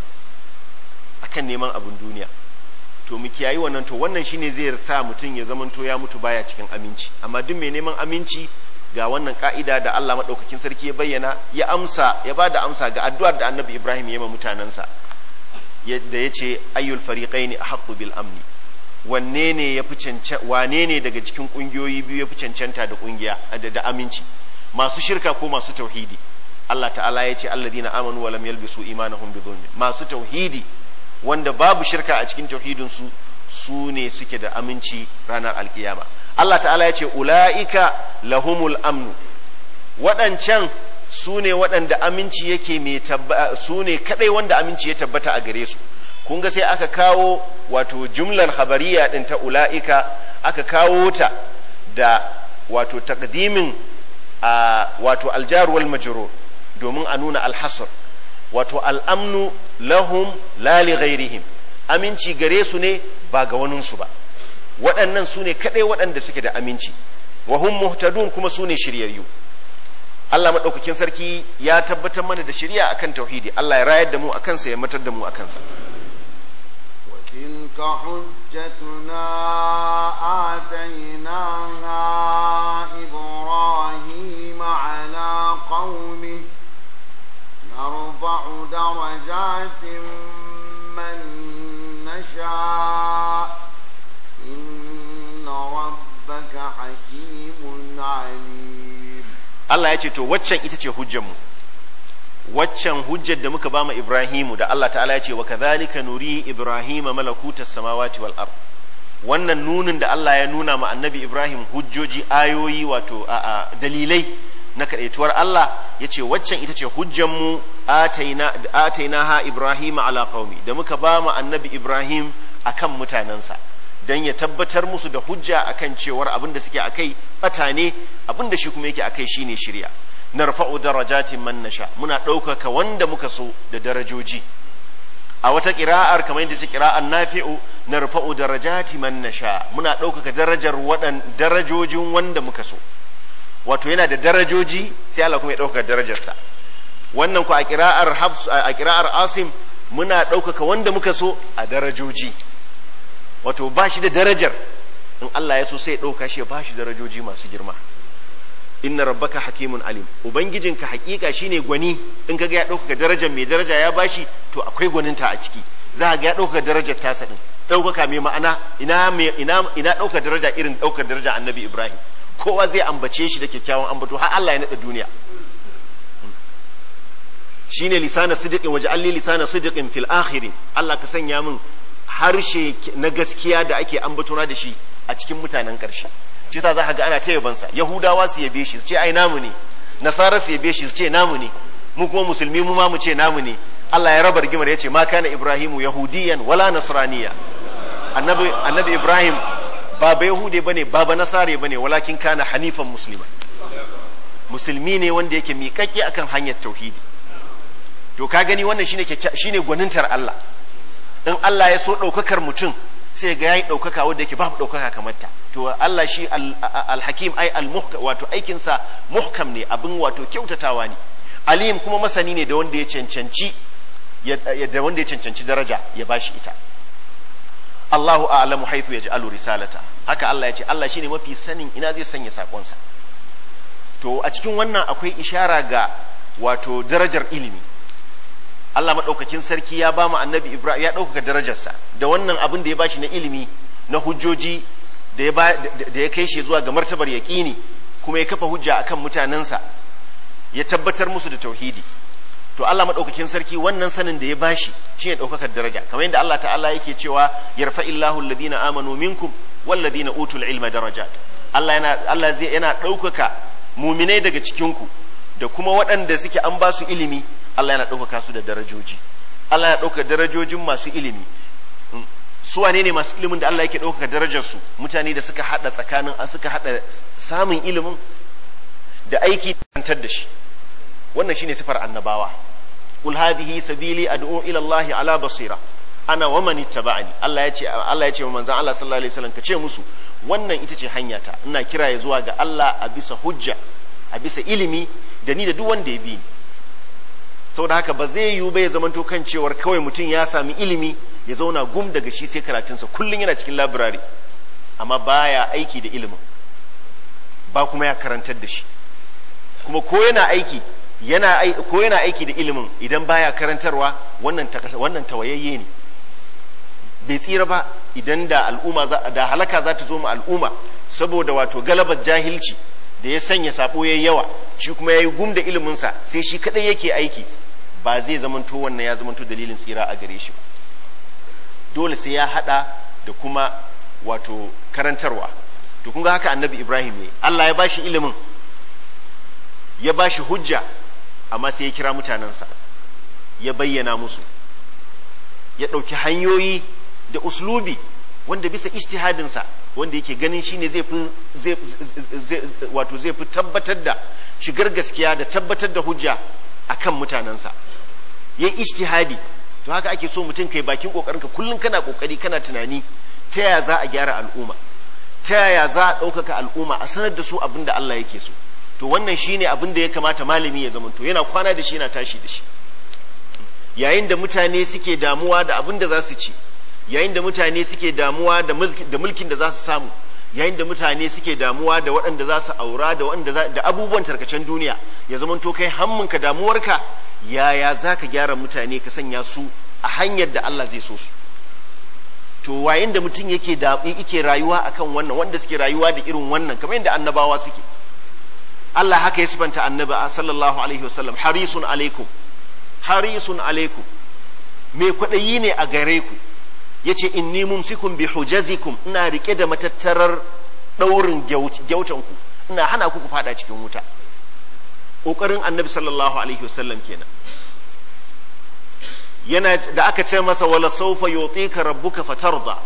akan neman abin duniya to mu kiyayi wannan to wannan shine zai sa mutum ya zamanto ya mutu baya cikin aminci amma duk mai neman aminci ga wannan ka'ida da Allah maɗaukakin sarki ya bayyana ya amsa ya ba da amsa ga addu'ar da annabi Ibrahim ya ma mutanensa da ya ce ayyul a haƙƙo bil amni wanne ne ya fi wane ne daga cikin ƙungiyoyi biyu ya fi cancanta da ƙungiya da aminci masu shirka ko masu tauhidi Allah ta'ala ya ce alladhina amanu wa lam yalbisu imanahum bi dhulm masu tauhidi wanda babu shirka a cikin tauhidin su su ne suke da aminci ranar alkiyama Allah ta'ala ya ce ula'ika lahumul amnu waɗancan su ne waɗanda aminci yake mai su ne kaɗai wanda aminci ya tabbata a gare su kun ga sai aka kawo wato jumlar habariya ɗin ta ula'ika aka kawo ta da wato takdimin a wato aljaruwal majiro domin a nuna alhasar wato al'amnu lahum lali ghairihim aminci gare su ne ba ga waninsu ba waɗannan su ne kaɗai waɗanda suke da aminci wa hum muhtadun kuma su ne shiryayyu Allah maɗaukakin sarki ya tabbatar mana da shirya akan tauhidi Allah ya rayar da mu a kansa, ya matar da mu akan sa wa tilka hujjatuna atainaha ibrahim ala qaumi narfa'u darajatin man nasha' ربك حكيم عليم الله يجي تو ita ce hujjar mu waccan hujjar da muka bama Ibrahimu da Allah ta'ala ya ce wa kadhalika nuri Ibrahima malakutas samawati wal ard wannan nunin da Allah ya nuna ma annabi Ibrahim hujjoji ayoyi wato a, dalilai na kaɗaituwar Allah ya ce waccan ita ce hujjanmu ataina ha Ibrahim ala qaumi da muka ba mu annabi Ibrahim a kan mutanensa don ya tabbatar musu da hujja akan cewar abin da suke akai bata ne abin da shi kuma yake akai shine shirya narfa'u darajatin man nasha muna ɗaukaka wanda muka so da darajoji a wata ƙira'ar kamar yadda su ƙira'ar nafi'u narfa'u darajati man nasha muna ɗaukaka darajar waɗan darajojin wanda muka so wato yana da darajoji sai Allah kuma ya ɗaukaka darajarsa wannan ku a ƙira'ar a ƙira'ar asim muna ɗaukaka wanda muka so a darajoji wato ba shi da darajar in Allah ya so sai ya ɗauka shi ya ba shi darajoji masu girma inna rabbaka hakimun alim ubangijinka hakika shine gwani in kaga ya ɗaukaka darajar mai daraja ya bashi to akwai gwaninta a ciki za ga ya ɗaukaka darajar tasa ɗin ɗaukaka mai ma'ana ina ina ina ɗauka daraja irin ɗaukar daraja annabi ibrahim kowa zai ambace shi da kyakkyawan ambato har Allah ya naɗa duniya shine lisana sidiqin waje alli lisana sidiqin fil akhirin Allah ka sanya min harshe na gaskiya da ake ambatona da shi a cikin mutanen ƙarshe shi za ka ga ana ta yabansa yahudawa su yabe shi su ce ai namu ne nasara su yabe shi su ce namu ne mu kuma musulmi mu ma mu ce namu ne Allah ya rabar gimar ya ce ma kana ibrahimu yahudiyan wala nasraniya annabi annabi ibrahim baba yahude bane baba nasare bane walakin kana hanifan muslima musulmi ne wanda yake miƙaƙe akan hanyar tauhidi to ka gani wannan shine shine gwanintar Allah in Allah ya so ɗaukakar mutum sai ga yi ɗaukaka wanda yake babu ɗaukaka kamar ta to Allah shi al ai al wato aikinsa muhkam ne abin wato kyautatawa ne alim kuma masani ne da wanda ya cancanci da wanda ya cancanci daraja ya bashi ita Allahu a'lamu haythu yaj'alu risalata haka Allah ya ce Allah shine mafi sanin ina zai sanya sakonsa to a cikin wannan akwai ishara ga wato darajar ilimi Allah maɗaukakin sarki ya ba mu annabi Ibrahim ya ɗaukaka darajarsa da wannan abin da ya bashi na ilimi na hujjoji da ya kai shi zuwa ga martabar yaƙini kuma ya kafa hujja akan mutanensa ya tabbatar musu da tauhidi to Allah maɗaukakin sarki wannan sanin da ya bashi shi ya ɗaukaka daraja kamar yadda Allah ta'ala yake cewa yarfa illahu alladhina amanu minkum walladhina utul ilma darajat Allah yana Allah zai yana ɗaukaka muminai daga cikinku da kuma waɗanda suke an ba su ilimi Allah yana ɗaukaka su da darajoji Allah yana ɗaukaka darajojin masu ilimi su wane ne masu ilimin da Allah yake ɗaukaka darajarsu mutane da suka haɗa tsakanin an suka haɗa samun ilimin da aiki tantar da shi wannan shine sifar annabawa qul hadhihi sabili ad'u ila Allah ala basira ana wa man ittaba'ani Allah ya ce Allah ya ce wa manzon Allah sallallahu alaihi wasallam ka ce musu wannan ita ce hanyata ina kira ya zuwa ga Allah a bisa hujja a bisa ilimi da ni da duk wanda ya bi ni sau da haka ba zai yiwu ba ya zamanto kan cewar kawai mutum ya sami ilimi ya zauna gum daga shi sai karatunsa kullum yana cikin labirari amma ba ya aiki da ilimin ba kuma ya karantar da shi kuma ko yana aiki da ilimin idan ba ya karantarwa wannan wannan tawayayye ne bai tsira ba idan da al'umma da halaka za ta zo ma al'umma saboda wato galabar jahilci da ya sanya sabo yayi yawa shi kuma yayi gum da iliminsa sai shi kadai yake aiki ba zai zamanto wannan ya zamanto dalilin tsira a gare shi dole sai ya hada da kuma wato karantarwa to kun ga haka annabi ibrahim ne allah ya bashi ilimin ya bashi hujja amma sai ya kira mutanensa ya bayyana musu ya ɗauki hanyoyi da uslubi wanda bisa ijtihadinsa wanda yake ganin shine zai fi wato zai fi tabbatar da shigar gaskiya da tabbatar da hujja akan mutanensa ya ijtihadi to haka ake so mutum kai bakin kokarin ka kullun kana kokari kana tunani ta yaya za a gyara al'umma ta yaya za a ɗaukaka al'umma a sanar da su abin da Allah yake so to wannan shine abin da ya kamata malami ya to yana kwana da shi yana tashi da shi yayin da mutane suke damuwa da abin da za su ci yayin da mutane suke damuwa da mulkin da za su samu yayin da mutane suke damuwa da waɗanda za su aura da waɗanda da abubuwan tarkacen duniya ya zamanto kai ka damuwarka yaya za ka gyara mutane ka sanya su a hanyar da Allah zai so su to wayan da mutum yake da yake rayuwa akan wannan wanda suke rayuwa da irin wannan kamar yadda annabawa suke Allah haka ya sifanta annaba, sallallahu alaihi wasallam harisun alaikum harisun alaikum me kwaɗayi ne a gare ku yace inni sikun bi hujazikum ina rike da matattarar ɗaurin gyautanku, ina hana ku ku fada cikin wuta ƙoƙarin annabi sallallahu alaihi wasallam kenan yana da aka ce masa wala saufa yutika rabbuka fatarda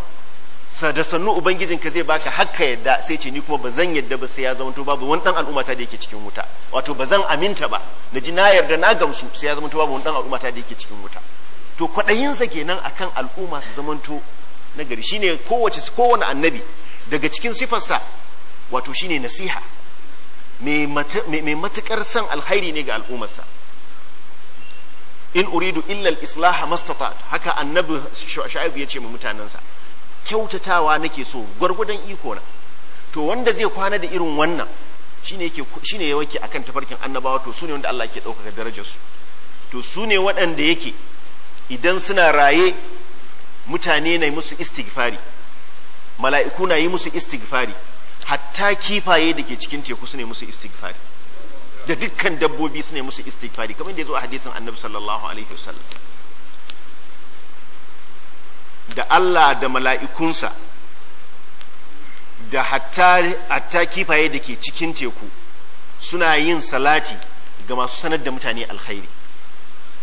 sa da ubangijin ka zai baka hakka yadda sai ce ni kuma ba zan yadda ba sai ya to babu wani dan ta da yake cikin wuta wato ba zan aminta ba na ji na yarda na gamsu sai ya to babu wani dan ta da yake cikin wuta to sa kenan akan al'umma su to na gari shine kowace kowane annabi daga cikin sifarsa wato shine nasiha mai matukar son alhairi ne ga al'ummarsa in uridu Illal, Islaha, islah haka annabi sha'ib ya ce mu mutanansa kyautatawa nake so gwargwadon iko na to wanda zai kwana da irin wannan shine yake shine ya wake akan tafarkin annabawa to sune wanda Allah yake ɗaukaka darajar su to sune waɗanda yake idan suna raye mutane na yi musu istighfari mala'iku na yi musu istighfari hatta kifaye da ke cikin teku su ne musu istighfari da dukkan dabbobi su ne musu istighfari kamar da ya zo a hadisin annabi sallallahu alaihi wasallam da Allah da mala'ikunsa da hatta, hatta kifaye da ke cikin teku suna yin salati ga masu sanar da mutane alkhairi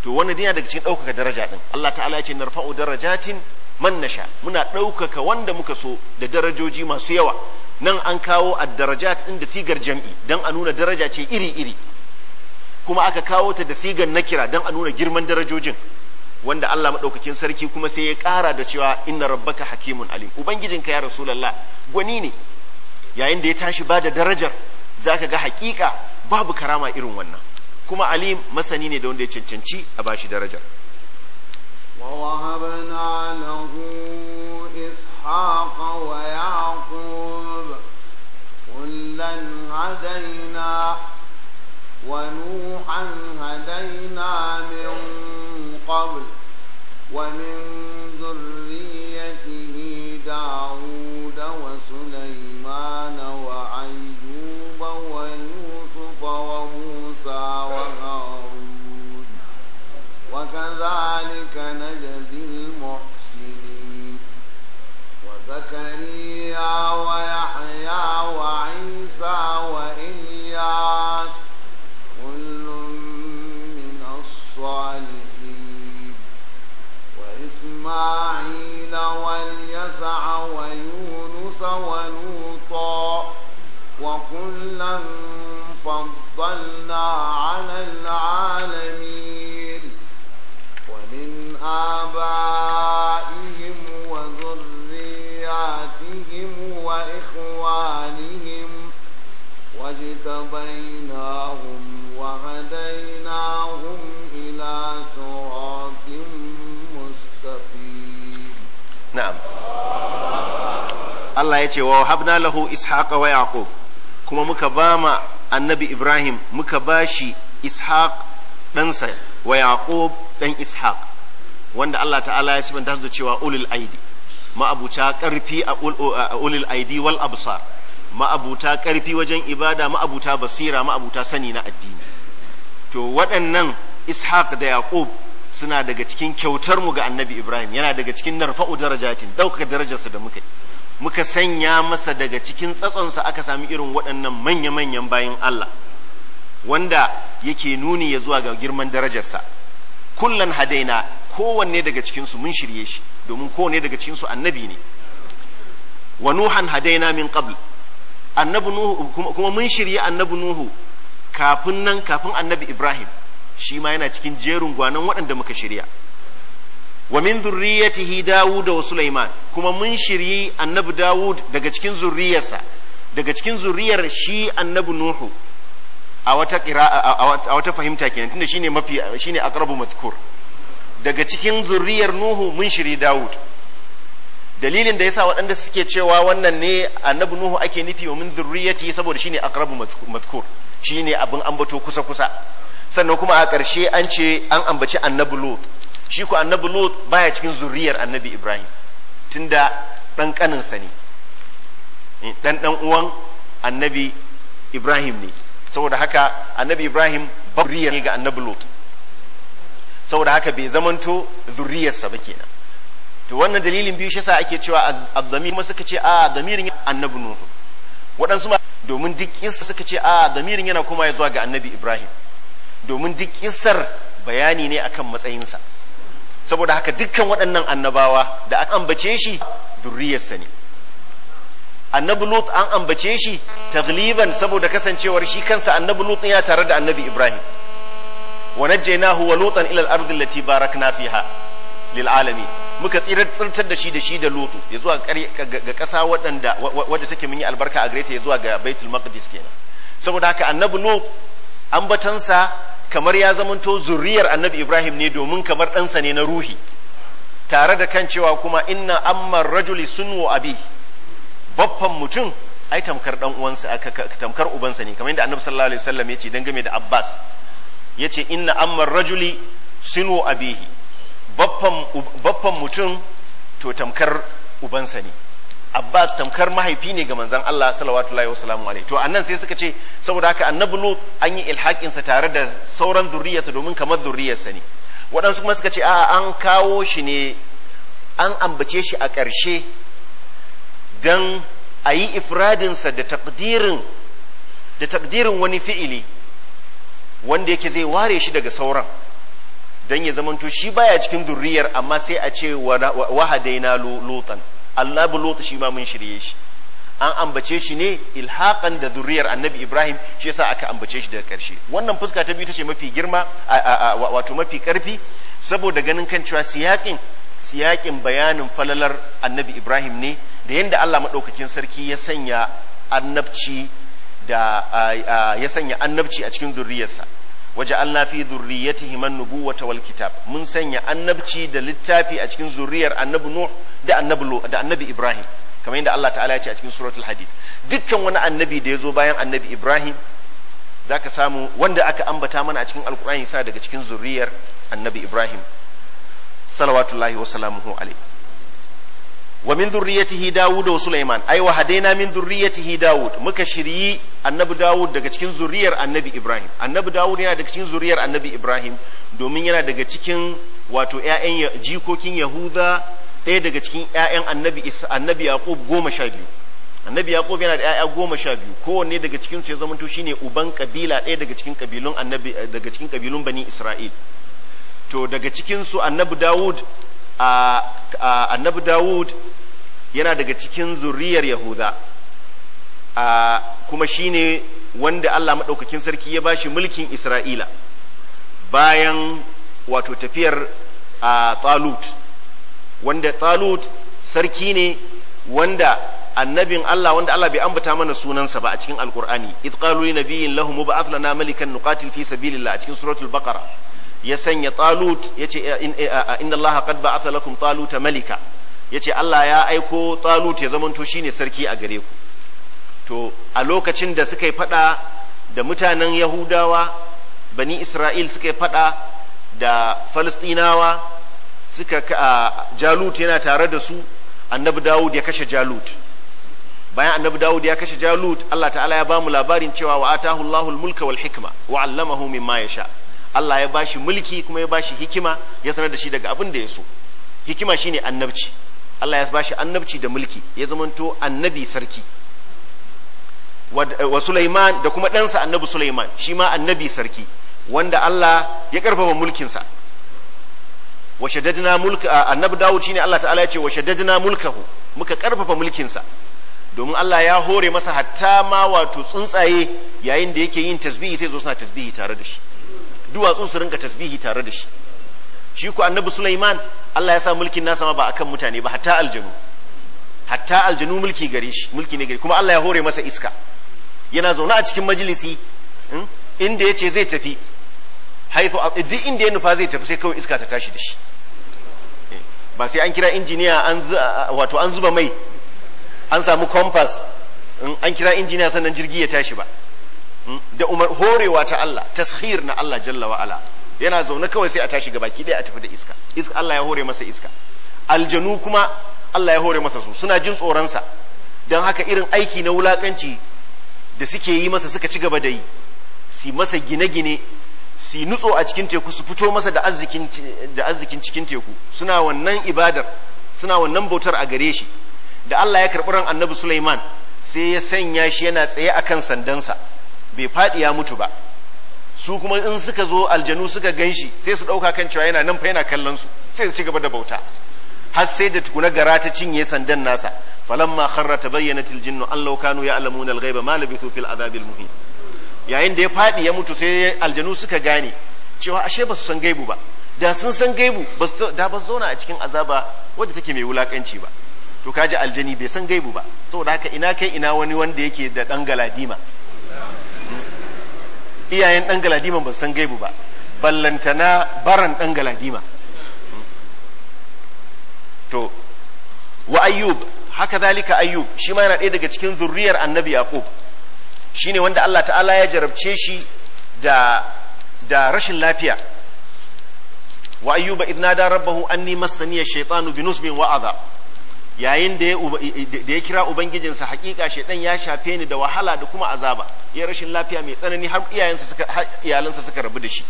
to wannan dina daga cikin ɗaukaka daraja ɗin Allah ta'ala ya ce narfa'u darajatin man nasha muna ɗaukaka wanda muka so da darajoji masu yawa nan an kawo addarajat inda ɗin da sigar jam'i dan a nuna daraja ce iri-iri kuma aka kawo ta da sigar nakira dan a nuna girman darajojin wanda Allah madaukakin sarki kuma sai ya ƙara da cewa inna rabbaka hakimun alim ubangijinka ya rasulullah gwani ne yayin da ya tashi ba da darajar zaka ga hakika babu karama irin wannan kuma alim masani ne da wanda ya cancanci a bashi darajar ووهبنا له إسحاق ويعقوب رسلا هدينا ونوحا هدينا من قبل ومن ذريته داود وسليمان وأيوب ويوسف وموسى وهارون وكذلك نجزي زكريا ويحيى وعيسى وإلياس كل من الصالحين وإسماعيل واليسع ويونس ولوطا وكلا فضلنا على العالمين ومن آبائهم وذريتهم وذرياتهم وإخوانهم واجتبيناهم وهديناهم إلى صراط مستقيم نعم الله يتي ووهبنا له إسحاق ويعقوب كما مكباما النبي إبراهيم مكباشي إسحاق ɗansa wa yaqub ɗan ishaq wanda Allah ta'ala ya sibanta su da cewa ulul aidi ma'abuta ƙarfi a ulil aidi wal absar ma'abuta ƙarfi wajen ibada ma'abuta basira ma'abuta sani na addini to waɗannan ishaq da yaqub suna daga cikin kyautarmu ga annabi ibrahim yana daga cikin narfa'u darajatin ɗaukaka darajarsa da muka muka sanya masa daga cikin tsatsonsa aka sami irin waɗannan manya-manyan bayan allah wanda yake nuni ya zuwa ga girman darajarsa kullan hadaina kowanne daga cikinsu mun shirye shi domin kowane daga cikin su annabi ne wa nuhan hadaina min qabl annabi nuhu kuma mun shirya annabi nuhu kafin nan kafin annabi ibrahim shi ma yana cikin jerin gwanan waɗanda muka shirya wa min zurriyatihi daud wa sulaiman kuma mun shirye annabi dawud daga cikin zurriyarsa daga cikin zurriyar shi annabi nuhu a wata fahimta kenan tunda shine mafi shine aqrabu mazkur daga cikin zurriyar nuhu mun shiri dawud dalilin da yasa waɗanda suke cewa wannan ne annabi nuhu ake nufi wa min zurriyati saboda shine aqrabu shi shine abin ambato kusa kusa sannan kuma a ƙarshe an ce an ambaci annabi lut shi ko annabi lut baya cikin zurriyar annabi ibrahim tunda dan kanin sa ne dan eh, dan uwan annabi ibrahim ne saboda haka annabi ibrahim zurriya ne ga annabi lut saboda haka bai zamanto zuriyarsa ba kenan to wannan dalilin biyu shi yasa ake cewa azami kuma suka ce a damirin annabi nuhu waɗansu ma domin duk kissa suka ce a damirin yana kuma ya zuwa ga annabi ibrahim domin duk kissar bayani ne akan matsayinsa saboda haka dukkan waɗannan annabawa da aka ambace shi zurriyarsa ne annabi lut an ambace shi tagliban saboda kasancewar shi kansa annabi lut ya tare da annabi ibrahim wa najjaynahu wa lutan ila al-ardi allati muka tsirtar da shi da shi da lutu ya zuwa ga ƙasa waɗanda wadda take mun yi albarka a gareta ya zuwa ga baitul maqdis kenan saboda haka annabi lut ambatansa kamar ya zamanto zuriyar annabi ibrahim ne domin kamar ɗansa ne na ruhi tare da kan cewa kuma inna amma rajuli sunwo abi babban mutum ai tamkar dan uwansa tamkar ubansa ne kamar yadda annabi sallallahu alaihi wasallam ya ce dangane da abbas ya ce inna amma rajuli sinu abihi baffan mutum to tamkar ubansa ne Abbas tamkar mahaifi ne ga manzan Allah sallallahu alaihi alai to annan sai suka ce saboda haka annabi Lut an yi ilhakin tare da sauran zuriyarsa domin kamar zuriyarsa ne waɗansu kuma suka ce a an kawo shi ne an ambace shi a ƙarshe don a yi ifradinsa da takdirin wani fi'ili wanda yake zai ware shi daga sauran don ya zamanto shi baya cikin zurriyar amma sai a ce lotan allah bu lotu shi ma mun shirye shi an ambace shi ne ilhakan da zurriyar annabi ibrahim shi yasa aka ambace shi daga karshe wannan fuska ta biyu ta ce mafi girma wato mafi karfi saboda ganin kan cewa siyakin siyakin bayanin falalar annabi ibrahim ne da yadda allah maɗaukakin sarki ya sanya annabci da ya sanya annabci a cikin zurriyarsa waje Allah fi zurriyatihi man nubuwata wal kitab mun sanya annabci da littafi a cikin zurriyar annabi nuh da annabi da annabi ibrahim kamar yadda Allah ta'ala ya ce a cikin suratul hadid dukkan wani annabi da ya zo bayan annabi ibrahim zaka samu wanda aka ambata mana a cikin alqur'ani sa daga cikin zurriyar annabi ibrahim salawatullahi wa salamuhu alaihi wa min zurriyatihi Dawud wa Sulaiman ay wa hadaina min zurriyatihi Dawud muka shiryi annabi Dawud daga cikin zuriyar annabi Ibrahim annabi Dawud yana daga cikin zuriyar annabi Ibrahim domin yana daga cikin wato ƴaƴan jikokin Yahuda ɗaya daga cikin ƴaƴan annabi annabi Yaqub goma sha biyu annabi Yaqub yana da ƴaƴa goma sha biyu kowanne daga cikin su ya zamanto shine uban kabila ɗaya daga cikin kabilun annabi daga cikin kabilun Bani Isra'il to daga cikin su annabi Dawud annabi dawud yana daga cikin zuriyar yahuda kuma shine wanda allah maɗaukakin sarki ya bashi mulkin isra'ila bayan wato tafiyar talut wanda talut sarki ne wanda annabin Allah wanda Allah bai ambata mana sunansa ba a cikin alkur'ani idh qalu li nabiyyin lahum ba'ath lana malikan nuqatil fi sabilillah a cikin suratul baqara ya sanya talut ya ce eh, inda eh, eh, Allah qad ba'atha lakum taluta malika ya ce Allah ya aiko talut ya zamanto ne sarki a gare ku to a lokacin da suka yi fada da mutanen yahudawa bani isra'il suka yi fada da falistinawa suka jalut yana tare da su annabi dawud ya kashe jalut bayan annabi dawud ya kashe jalut Allah ta'ala ya ba mu labarin cewa wa atahu Allahul mulka wal hikma wa 'allamahu mimma yasha' Allah ya bashi mulki kuma ya bashi hikima ya sanar da shi daga abin da ya so hikima shine annabci Allah ya bashi annabci da mulki ya zamanto annabi sarki wa Sulaiman da kuma ɗansa annabi Sulaiman shi ma annabi sarki wanda Allah ya ƙarfafa mulkinsa wa shaddadna mulk annabi Dawud shine Allah ta'ala ya ce wa shaddadna mulkahu muka mulkin mulkinsa domin Allah ya hore masa hatta ma wato tsuntsaye yayin da yake yin tasbihi sai zo suna tasbihi tare da shi duwatsu su rinka tasbihi tare da shi shi ku annabi Sulaiman Allah ya sa mulkin nasa ma ba akan mutane ba hatta aljanu hatta aljanu mulki gare shi mulki ne gare kuma Allah ya hore masa iska yana zaune a cikin majalisi hmm, inda ya ce zai tafi haithu duk inda ya nufa zai tafi sai kawai iska ta tashi da shi eh, ba sai an kira injiniya an wato an zuba mai an samu compass hmm, an kira injiniya sannan jirgi ya tashi ba da umar horewa ta Allah tashir na Allah jalla wa ala yana zaune kawai sai a tashi gabaki daya a tafi da iska iska Allah ya hore masa iska aljanu kuma Allah ya hore masa su suna jin sa don haka irin aiki na wulakanci da suke yi masa suka ci gaba da yi si masa gine-gine si nutso a cikin teku su fito masa da arzikin da arzikin cikin teku suna wannan ibadar suna wannan bautar a gare shi da Allah ya karɓi ran annabi Sulaiman sai ya sanya shi yana tsaye akan sandansa bai faɗi ya mutu ba su kuma in suka zo aljanu suka gan shi sai su ɗauka kan cewa yana nan fa yana kallon su sai su ci gaba da bauta har sai da tukuna gara ta cinye sandan nasa falamma kharra tabayyana tiljinnu an law kanu ya'lamuna al-ghaiba ma labithu fil adhabil muhin yayin da ya faɗi ya mutu sai aljanu suka gane cewa ashe ba su san gaibu ba da sun san gaibu da ba zauna a cikin azaba wadda take mai wulakanci ba to kaji aljani bai san gaibu ba saboda haka ina kai ina wani wanda yake da dan galadima iyayen ɗan galadima ba san gaibu ba ballantana baran ɗan galadima to wa ayyub haka zalika ayyub shi ma yana ɗaya daga cikin zurriyar annabi yaqub shine wanda Allah ta'ala ya jarabce shi da da rashin lafiya wa ayyuba idnada rabbahu anni massaniya shaytanu binusbin wa'aza. yayin da ya kira ubangijinsa hakika shaidan ya shafe ni da wahala da kuma azaba ya rashin lafiya mai tsanani har iyalinsa suka rabu da shi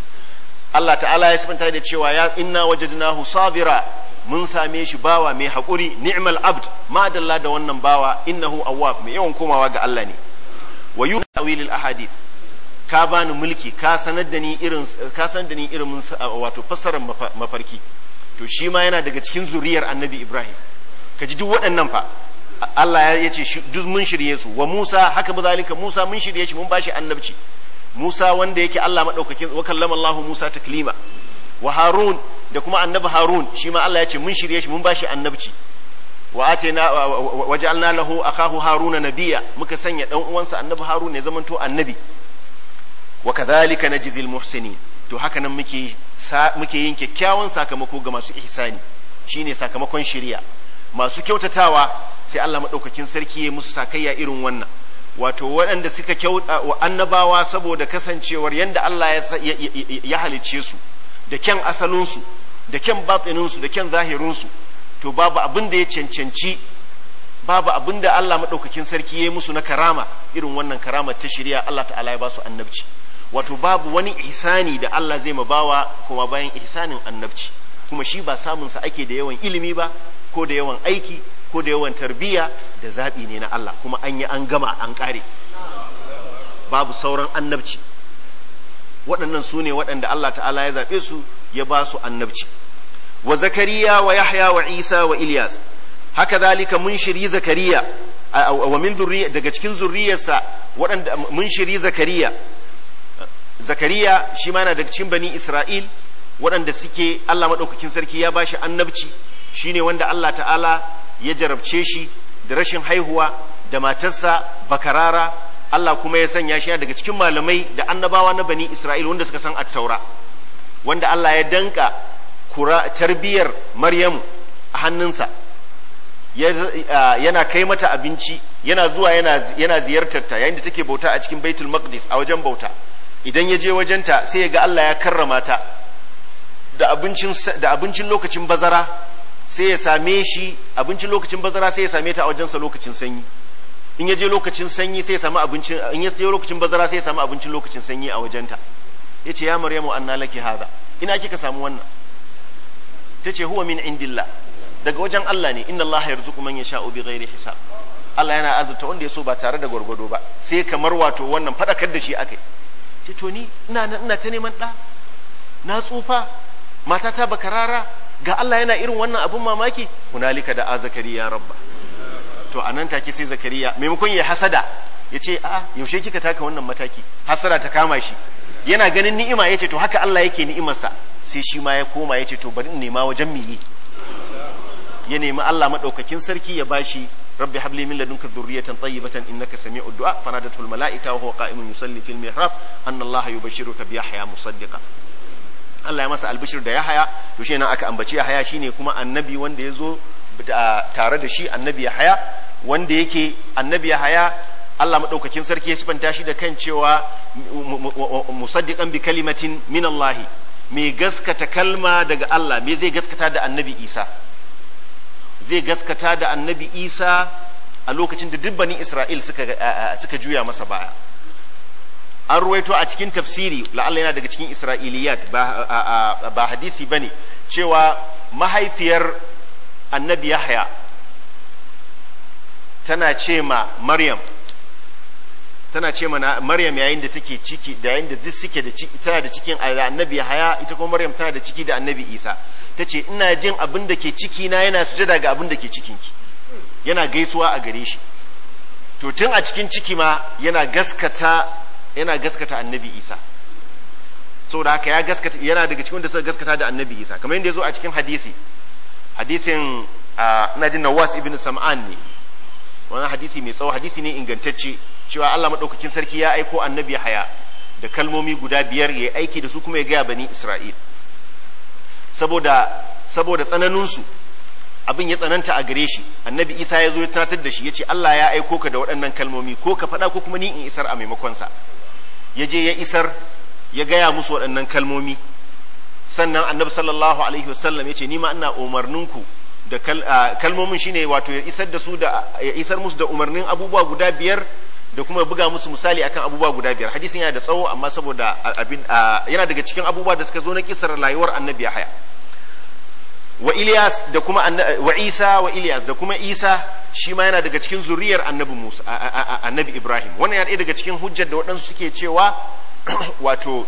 Allah ta'ala ya sifanta da cewa ya inna wajadnahu sabira mun same shi bawa mai haƙuri ni'mal abd ma dalla da wannan bawa innahu awwab mai yawan komawa ga Allah ne wa yunawilil ahadith ka bani mulki ka sanar da ni irin ka sanar da ni irin wato fassarar mafarki to shi ma yana daga cikin zuriyar annabi Ibrahim ka ji duk waɗannan fa Allah ya ce duk mun shirye su wa Musa haka ba zalika Musa mun shirye shi mun bashi annabci Musa wanda yake Allah madaukakin wa kallama Allah Musa taklima wa Harun da kuma annabi Harun shi ma Allah ya ce mun shirye shi mun bashi annabci wa atayna waja'alna lahu akahu Haruna nabiyya muka sanya dan uwansa annabi Harun ya zamanto annabi wa kadhalika najzil muhsinin to haka nan muke muke yin kyakkyawan sakamako ga masu ihsani shine sakamakon shari'a masu kyautatawa sai Allah maɗaukakin sarki ya musu sakayya irin wannan wato waɗanda suka kyauta wa annabawa saboda kasancewar yadda Allah ya halicce su da kyan asalinsu da kyan batsininsu da kyan zahirinsu to babu abin da ya cancanci babu abin da Allah maɗaukakin sarki ya musu na karama irin wannan karama ta shirya Allah ta'ala ya ba su annabci wato babu wani ihsani da Allah zai ma bawa kuma bayan ihsanin annabci kuma shi ba samunsa ake da yawan ilimi ba ko da yawan aiki ko da yawan tarbiya da zaɓi ne na Allah kuma an yi an gama an ƙare babu sauran annabci waɗannan su ne waɗanda Allah ta'ala ya zaɓe su ya ba su annabci wa zakariya wa yahya wa isa wa ilyas haka zalika mun shiri zakariya wa min zurriya daga cikin zurriyarsa waɗanda mun shiri zakariya zakariya shi ma na daga cikin bani isra'il waɗanda suke Allah maɗaukakin sarki ya ba shi annabci Shi ne wanda Allah ta'ala ya jarabce shi da rashin haihuwa da matarsa bakarara Allah kuma ya sanya shi daga cikin malamai da annabawa na bani Isra'il wanda suka san attaura wanda Allah ya danka kura tarbiyar Maryamu a hannunsa yana kai mata abinci yana zuwa yana ziyartarta yayin da take bauta a cikin Baitul Maqdis a wajen bauta idan ya je wajenta sai ya ga Allah ya karrama ta da abincin lokacin bazara sai ya same shi abincin lokacin bazara sai ya same ta a wajensa lokacin sanyi in ya je lokacin sanyi sai ya samu abincin in ya je lokacin bazara sai ya samu abincin lokacin sanyi a wajenta ya ce ya maryamu anna laki hada ina kika samu wannan ta ce huwa min indillah daga wajen Allah ne inna Allah yarzuqu man yasha'u bi ghairi hisab Allah yana azurta wanda ya so ba tare da gwargwado ba sai kamar wato wannan fadakar da shi akai ce to ni ina ina ta neman da na tsufa matata bakarara ga Allah yana irin wannan abun mamaki hunalika da zakariya rabba to anan take sai zakariya maimakon ya hasada ya ce a yaushe kika taka wannan mataki hasada ta kama shi yana ganin ni'ima ya ce to haka Allah yake ni'imarsa sai shi ma ya koma ya ce to bari in nema wajen miyi ya nemi Allah madaukakin sarki ya bashi rabbi habli min ladunka dhurriyatan tayyibatan innaka sami'ud du'a fanadatul malaika wa huwa qa'imun yusalli fil mihrab anna Allah yubashshiruka bi Yahya musaddiqan Allah ya masa albishir da Yahaya to shi nan aka ambaci Yahaya shine kuma annabi wanda ya tare da shi annabi Yahaya wanda yake annabi Yahaya Allah madaukakin sarki ya sifanta shi da kan cewa musaddiqan bi kalimatin min Allah mai gaskata kalma daga Allah me zai gaskata da annabi Isa zai gaskata da annabi Isa a lokacin da dubbanin Isra'il suka suka juya masa baya an ruwaito a cikin tafsiri la'alla yana daga cikin isra'iliyat ba hadisi ba ne cewa mahaifiyar annabi yahya tana ce ma maryam tana ce mana maryam yayin da take ciki da yayin da duk suke da ciki tana da cikin annabi haya ita kuma maryam tana da ciki da annabi isa tace ina jin abin da ke ciki na yana sujada ga abin da ke cikinki yana gaisuwa a gare shi to tun a cikin ciki ma yana gaskata yana gaskata annabi isa da haka ya gaskata yana daga cikin da suka gaskata da annabi isa kamar yadda ya zo a cikin hadisi hadisin na jin nawas ibn sam'an ne wani hadisi mai tsawo hadisi ne ingantacce cewa allah maɗaukakin sarki ya aiko annabi haya da kalmomi guda biyar ya aiki da su kuma ya gaya bani isra'il saboda tsananinsu abin ya tsananta a gare shi annabi isa ya zo ya tunatar da shi ya ce allah ya aiko ka da waɗannan kalmomi ko ka faɗa ko kuma ni in isar a maimakonsa ya je ya isar ya gaya musu waɗannan kalmomi sannan annabi sallallahu alaihi wasallam ya ce ni ma ina umarninku da kalmomin shine wato ya isar da su da ya isar musu da umarnin abubuwa guda biyar da kuma buga musu misali akan abubuwa guda biyar hadisin yana da tsawo amma saboda abin yana daga cikin abubuwa da suka zo na kisar rayuwar annabi haya wa Ilyas da kuma wa Isa wa Ilyas da kuma Isa shi ma yana daga cikin zuriyar annabi Musa annabi Ibrahim wannan yana daga cikin hujjar da waɗansu suke cewa wato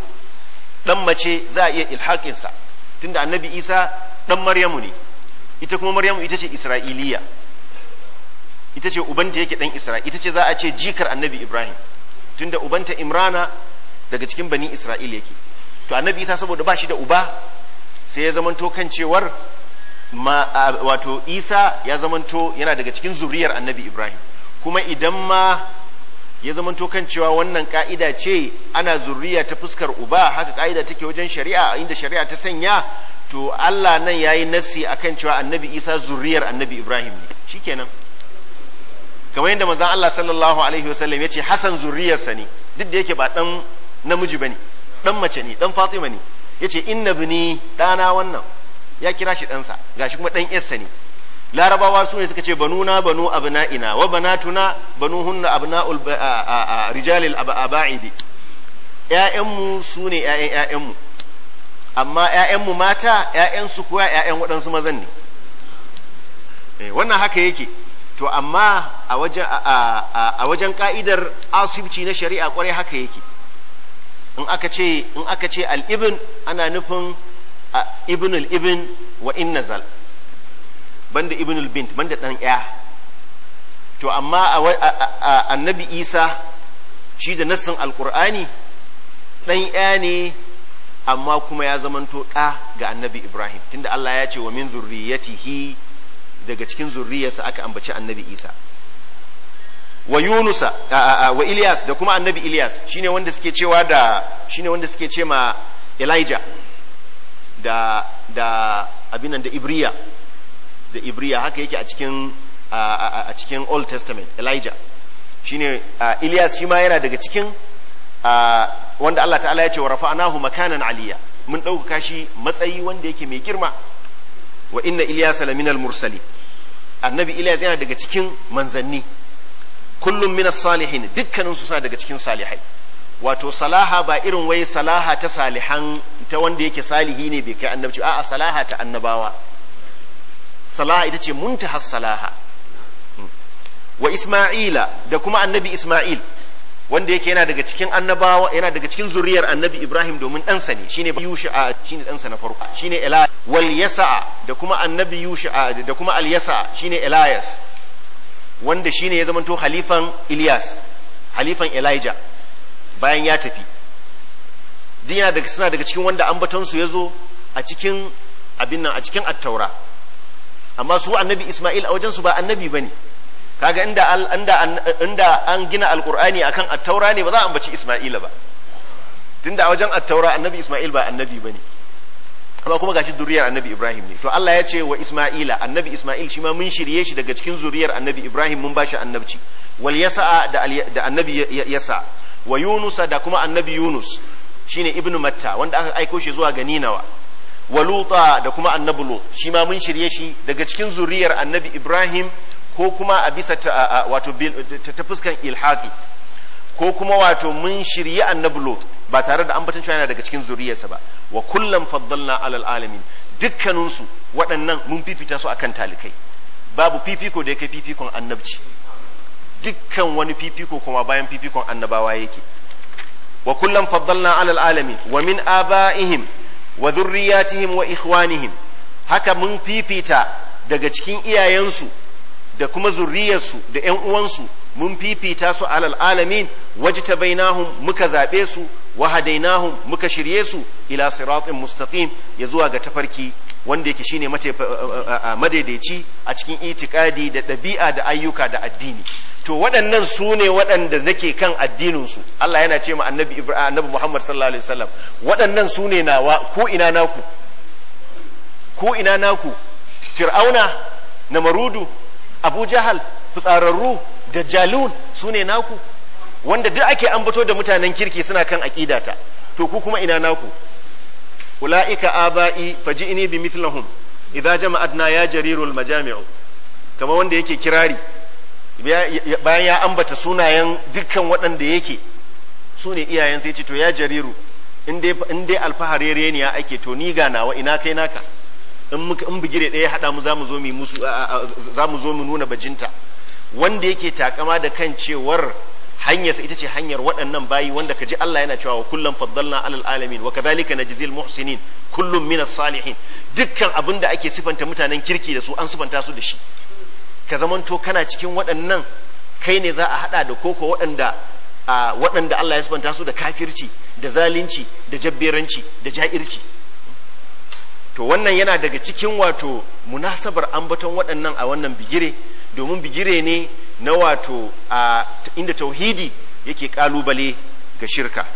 dan mace za a iya ilhaƙin sa tunda annabi Isa dan Maryamu ne ita kuma Maryamu ita ce Isra'iliya ita ce ubanta yake dan Isra'il ita ce za a ce jikar annabi Ibrahim tunda ubanta Imrana daga cikin bani Isra'il yake to annabi Isa saboda ba shi da uba sai ya zamanto kan cewar ma wato isa ya zamanto yana daga cikin zuriyar annabi ibrahim kuma idan ma ya zamanto kan cewa wannan ka'ida ce ana zuriya ta fuskar uba haka ka'ida take wajen shari'a inda shari'a ta sanya to allah nan ya yi nassi akan cewa annabi isa zuriyar annabi ibrahim ne kenan. kamar yadda manzon allah sallallahu alaihi wasallam ya ce hasan zuriyarsa ne duk da yake ba dan namiji bane dan mace ne dan fatima ne ya ce inna ni ɗana wannan ya kira shi ɗansa gashi kuma ɗan yassa ne larabawa su ne suka ce na banu ina wa tuna banatuna banuhunna a rijalil aba'idi ƴaƴanmu su ne ƴaƴan ƴaƴanmu amma ƴaƴanmu mata su kuwa ƴaƴan waɗansu mazan ne eh, wannan haka yake to amma a wajen a wajen ka'idar asibci na shari'a kwarai haka yake in aka ce in aka ce al-ibn ana nufin ibn al-ibn wa in nazal banda ibn al-bint banda dan ya to amma annabi isa shi da nassin alkur'ani dan ya ne amma kuma ya zamanto ɗa ga annabi ibrahim tunda allah ya ce wa min zurriyatihi daga cikin zurriyarsa aka ambaci annabi isa wa yunusa wa ilyas da kuma annabi ilyas shine wanda suke cewa da shine wanda suke ce ma elijah da da abinan da ibriya da ibriya haka yake a cikin a cikin old testament elijah shine ilyas shi ma yana daga cikin wanda allah ta'ala ya ce wa rafa'nahu makanan aliya mun ɗaukaka shi matsayi wanda yake mai girma wa inna ilyas laminal mursali annabi ilyas yana daga cikin manzanni kullum minas salihin dukkaninsu suna daga cikin salihai wato salaha ba irin wai salaha ta salihan ta wanda yake salihi ne bai kai annabci a salaha ta annabawa salaha ita ce muntahas salaha hmm. wa isma'ila da kuma annabi isma'il wanda yake yana daga cikin annabawa yana daga cikin zuriyar annabi ibrahim domin ɗansa ne shine yusha'a shine ɗansa na farko shine Elias. wal yasa'a da kuma annabi yusha'a da kuma al yasa'a shine elias wanda shine ya zamanto halifan ilyas halifan elijah bayan ya tafi dina daga suna daga cikin wanda ambaton su yazo a cikin abin nan a cikin attaura amma su annabi Isma'il a wajen su ba annabi bane kaga inda inda inda an gina alqur'ani akan attaura ne ba za a ambaci Isma'ila ba tunda a wajen attaura annabi Isma'il ba annabi bane amma kuma gashi zuriyar annabi Ibrahim ne to Allah ya ce wa Isma'ila annabi Isma'il shi ma mun shirye shi daga cikin zuriyar annabi Ibrahim mun bashi annabci wal yasa da annabi yasa wa Yunus da kuma annabi Yunus shine ibnu matta wanda aka aiko shi zuwa ga ninawa wa luta da kuma annabi lut shi ma mun shirye shi daga cikin zuriyar annabi ibrahim ko kuma a bisa wato ta fuskan ilhafi ko kuma wato mun shirye annabi lut ba tare da ambaton cewa yana daga cikin zuriyarsa ba wa kullum faddalna alal alamin dukkanin su waɗannan mun fifita su akan talikai babu fifiko da yake fifikon annabci dukkan wani fifiko kuma bayan fifikon annabawa yake wa kullan faddalna alal alamin wa min abaihim wa zurriyatihim wa ikhwanihim haka mun fifita daga cikin iyayensu da kuma zurriyarsu da ƴan uwansu mun fifita su alal alamin wajtabainahum muka zaɓe su wa muka shirye su ila siratin mustaqim ya zuwa ga tafarki wanda yake shine eh, eh, eh, madaidaici a cikin itikadi da ɗabi'a da ayyuka da addini to waɗannan su ne waɗanda nake kan addininsu Allah yana ce ma annabi Ibrahim, annabi Muhammad sallallahu alaihi wasallam waɗannan su ne nawa ku ina naku ku ina naku fir'auna namarudu abu jahal fitsararru dajjalun su ne naku wanda duk ake ambato da mutanen kirki suna kan ta. to ku kuma ina naku ula'ika aba'i faji'ini bi mithlahum idza jama'atna ya jarirul majami'u kamar wanda yake kirari bayan ya ambata sunayen dukkan waɗanda yake su ne iyayen sai ce to ya jariru in dai alfahari ne ya ake to ni ga nawa ina kai naka in bigire ɗaya haɗa mu za mu zo mu nuna bajinta wanda yake takama da kan cewar hanyar ita ce hanyar waɗannan bayi wanda ka ji Allah yana cewa wa kullum faddalna alal alamin wa kadhalika najzil muhsinin kullum minas salihin dukkan abin da ake sifanta mutanen kirki da su an sifanta su da shi ka zamanto kana cikin waɗannan kai ne za a haɗa da koko waɗanda waɗanda Allah ya sifanta su da kafirci da zalunci da jabberanci da ja'irci to wannan yana daga cikin wato munasabar ambaton waɗannan a wannan bigire domin bigire ne na wato a inda tauhidi yake kalubale ga shirka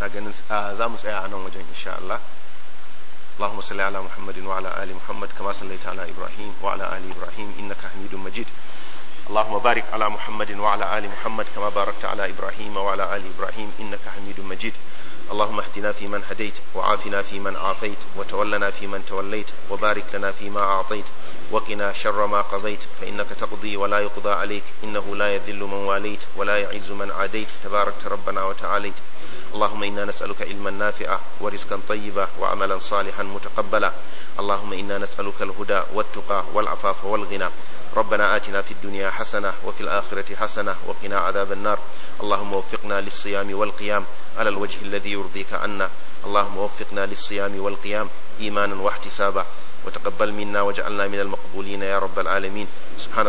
na ganin za mu tsaya a nan wajen insha Allah اللهم صل على محمد وعلى آل محمد كما صليت على إبراهيم وعلى آل إبراهيم إنك حميد مجيد اللهم بارك على محمد وعلى آل محمد كما باركت على إبراهيم وعلى آل إبراهيم إنك حميد مجيد اللهم اهدنا فيمن هديت وعافنا فيمن عافيت وتولنا فيمن توليت وبارك لنا فيما أعطيت وقنا شر ما قضيت فإنك تقضي ولا يقضى عليك إنه لا يذل من واليت ولا يعز من عاديت تباركت ربنا وتعاليت اللهم إنا نسألك علما نافعا ورزقا طيبا وعملا صالحا متقبلا اللهم إنا نسألك الهدى والتقى والعفاف والغنى ربنا آتنا في الدنيا حسنة وفي الآخرة حسنة وقنا عذاب النار اللهم وفقنا للصيام والقيام على الوجه الذي يرضيك عنا اللهم وفقنا للصيام والقيام إيمانا واحتسابا وتقبل منا واجعلنا من المقبولين يا رب العالمين سبحان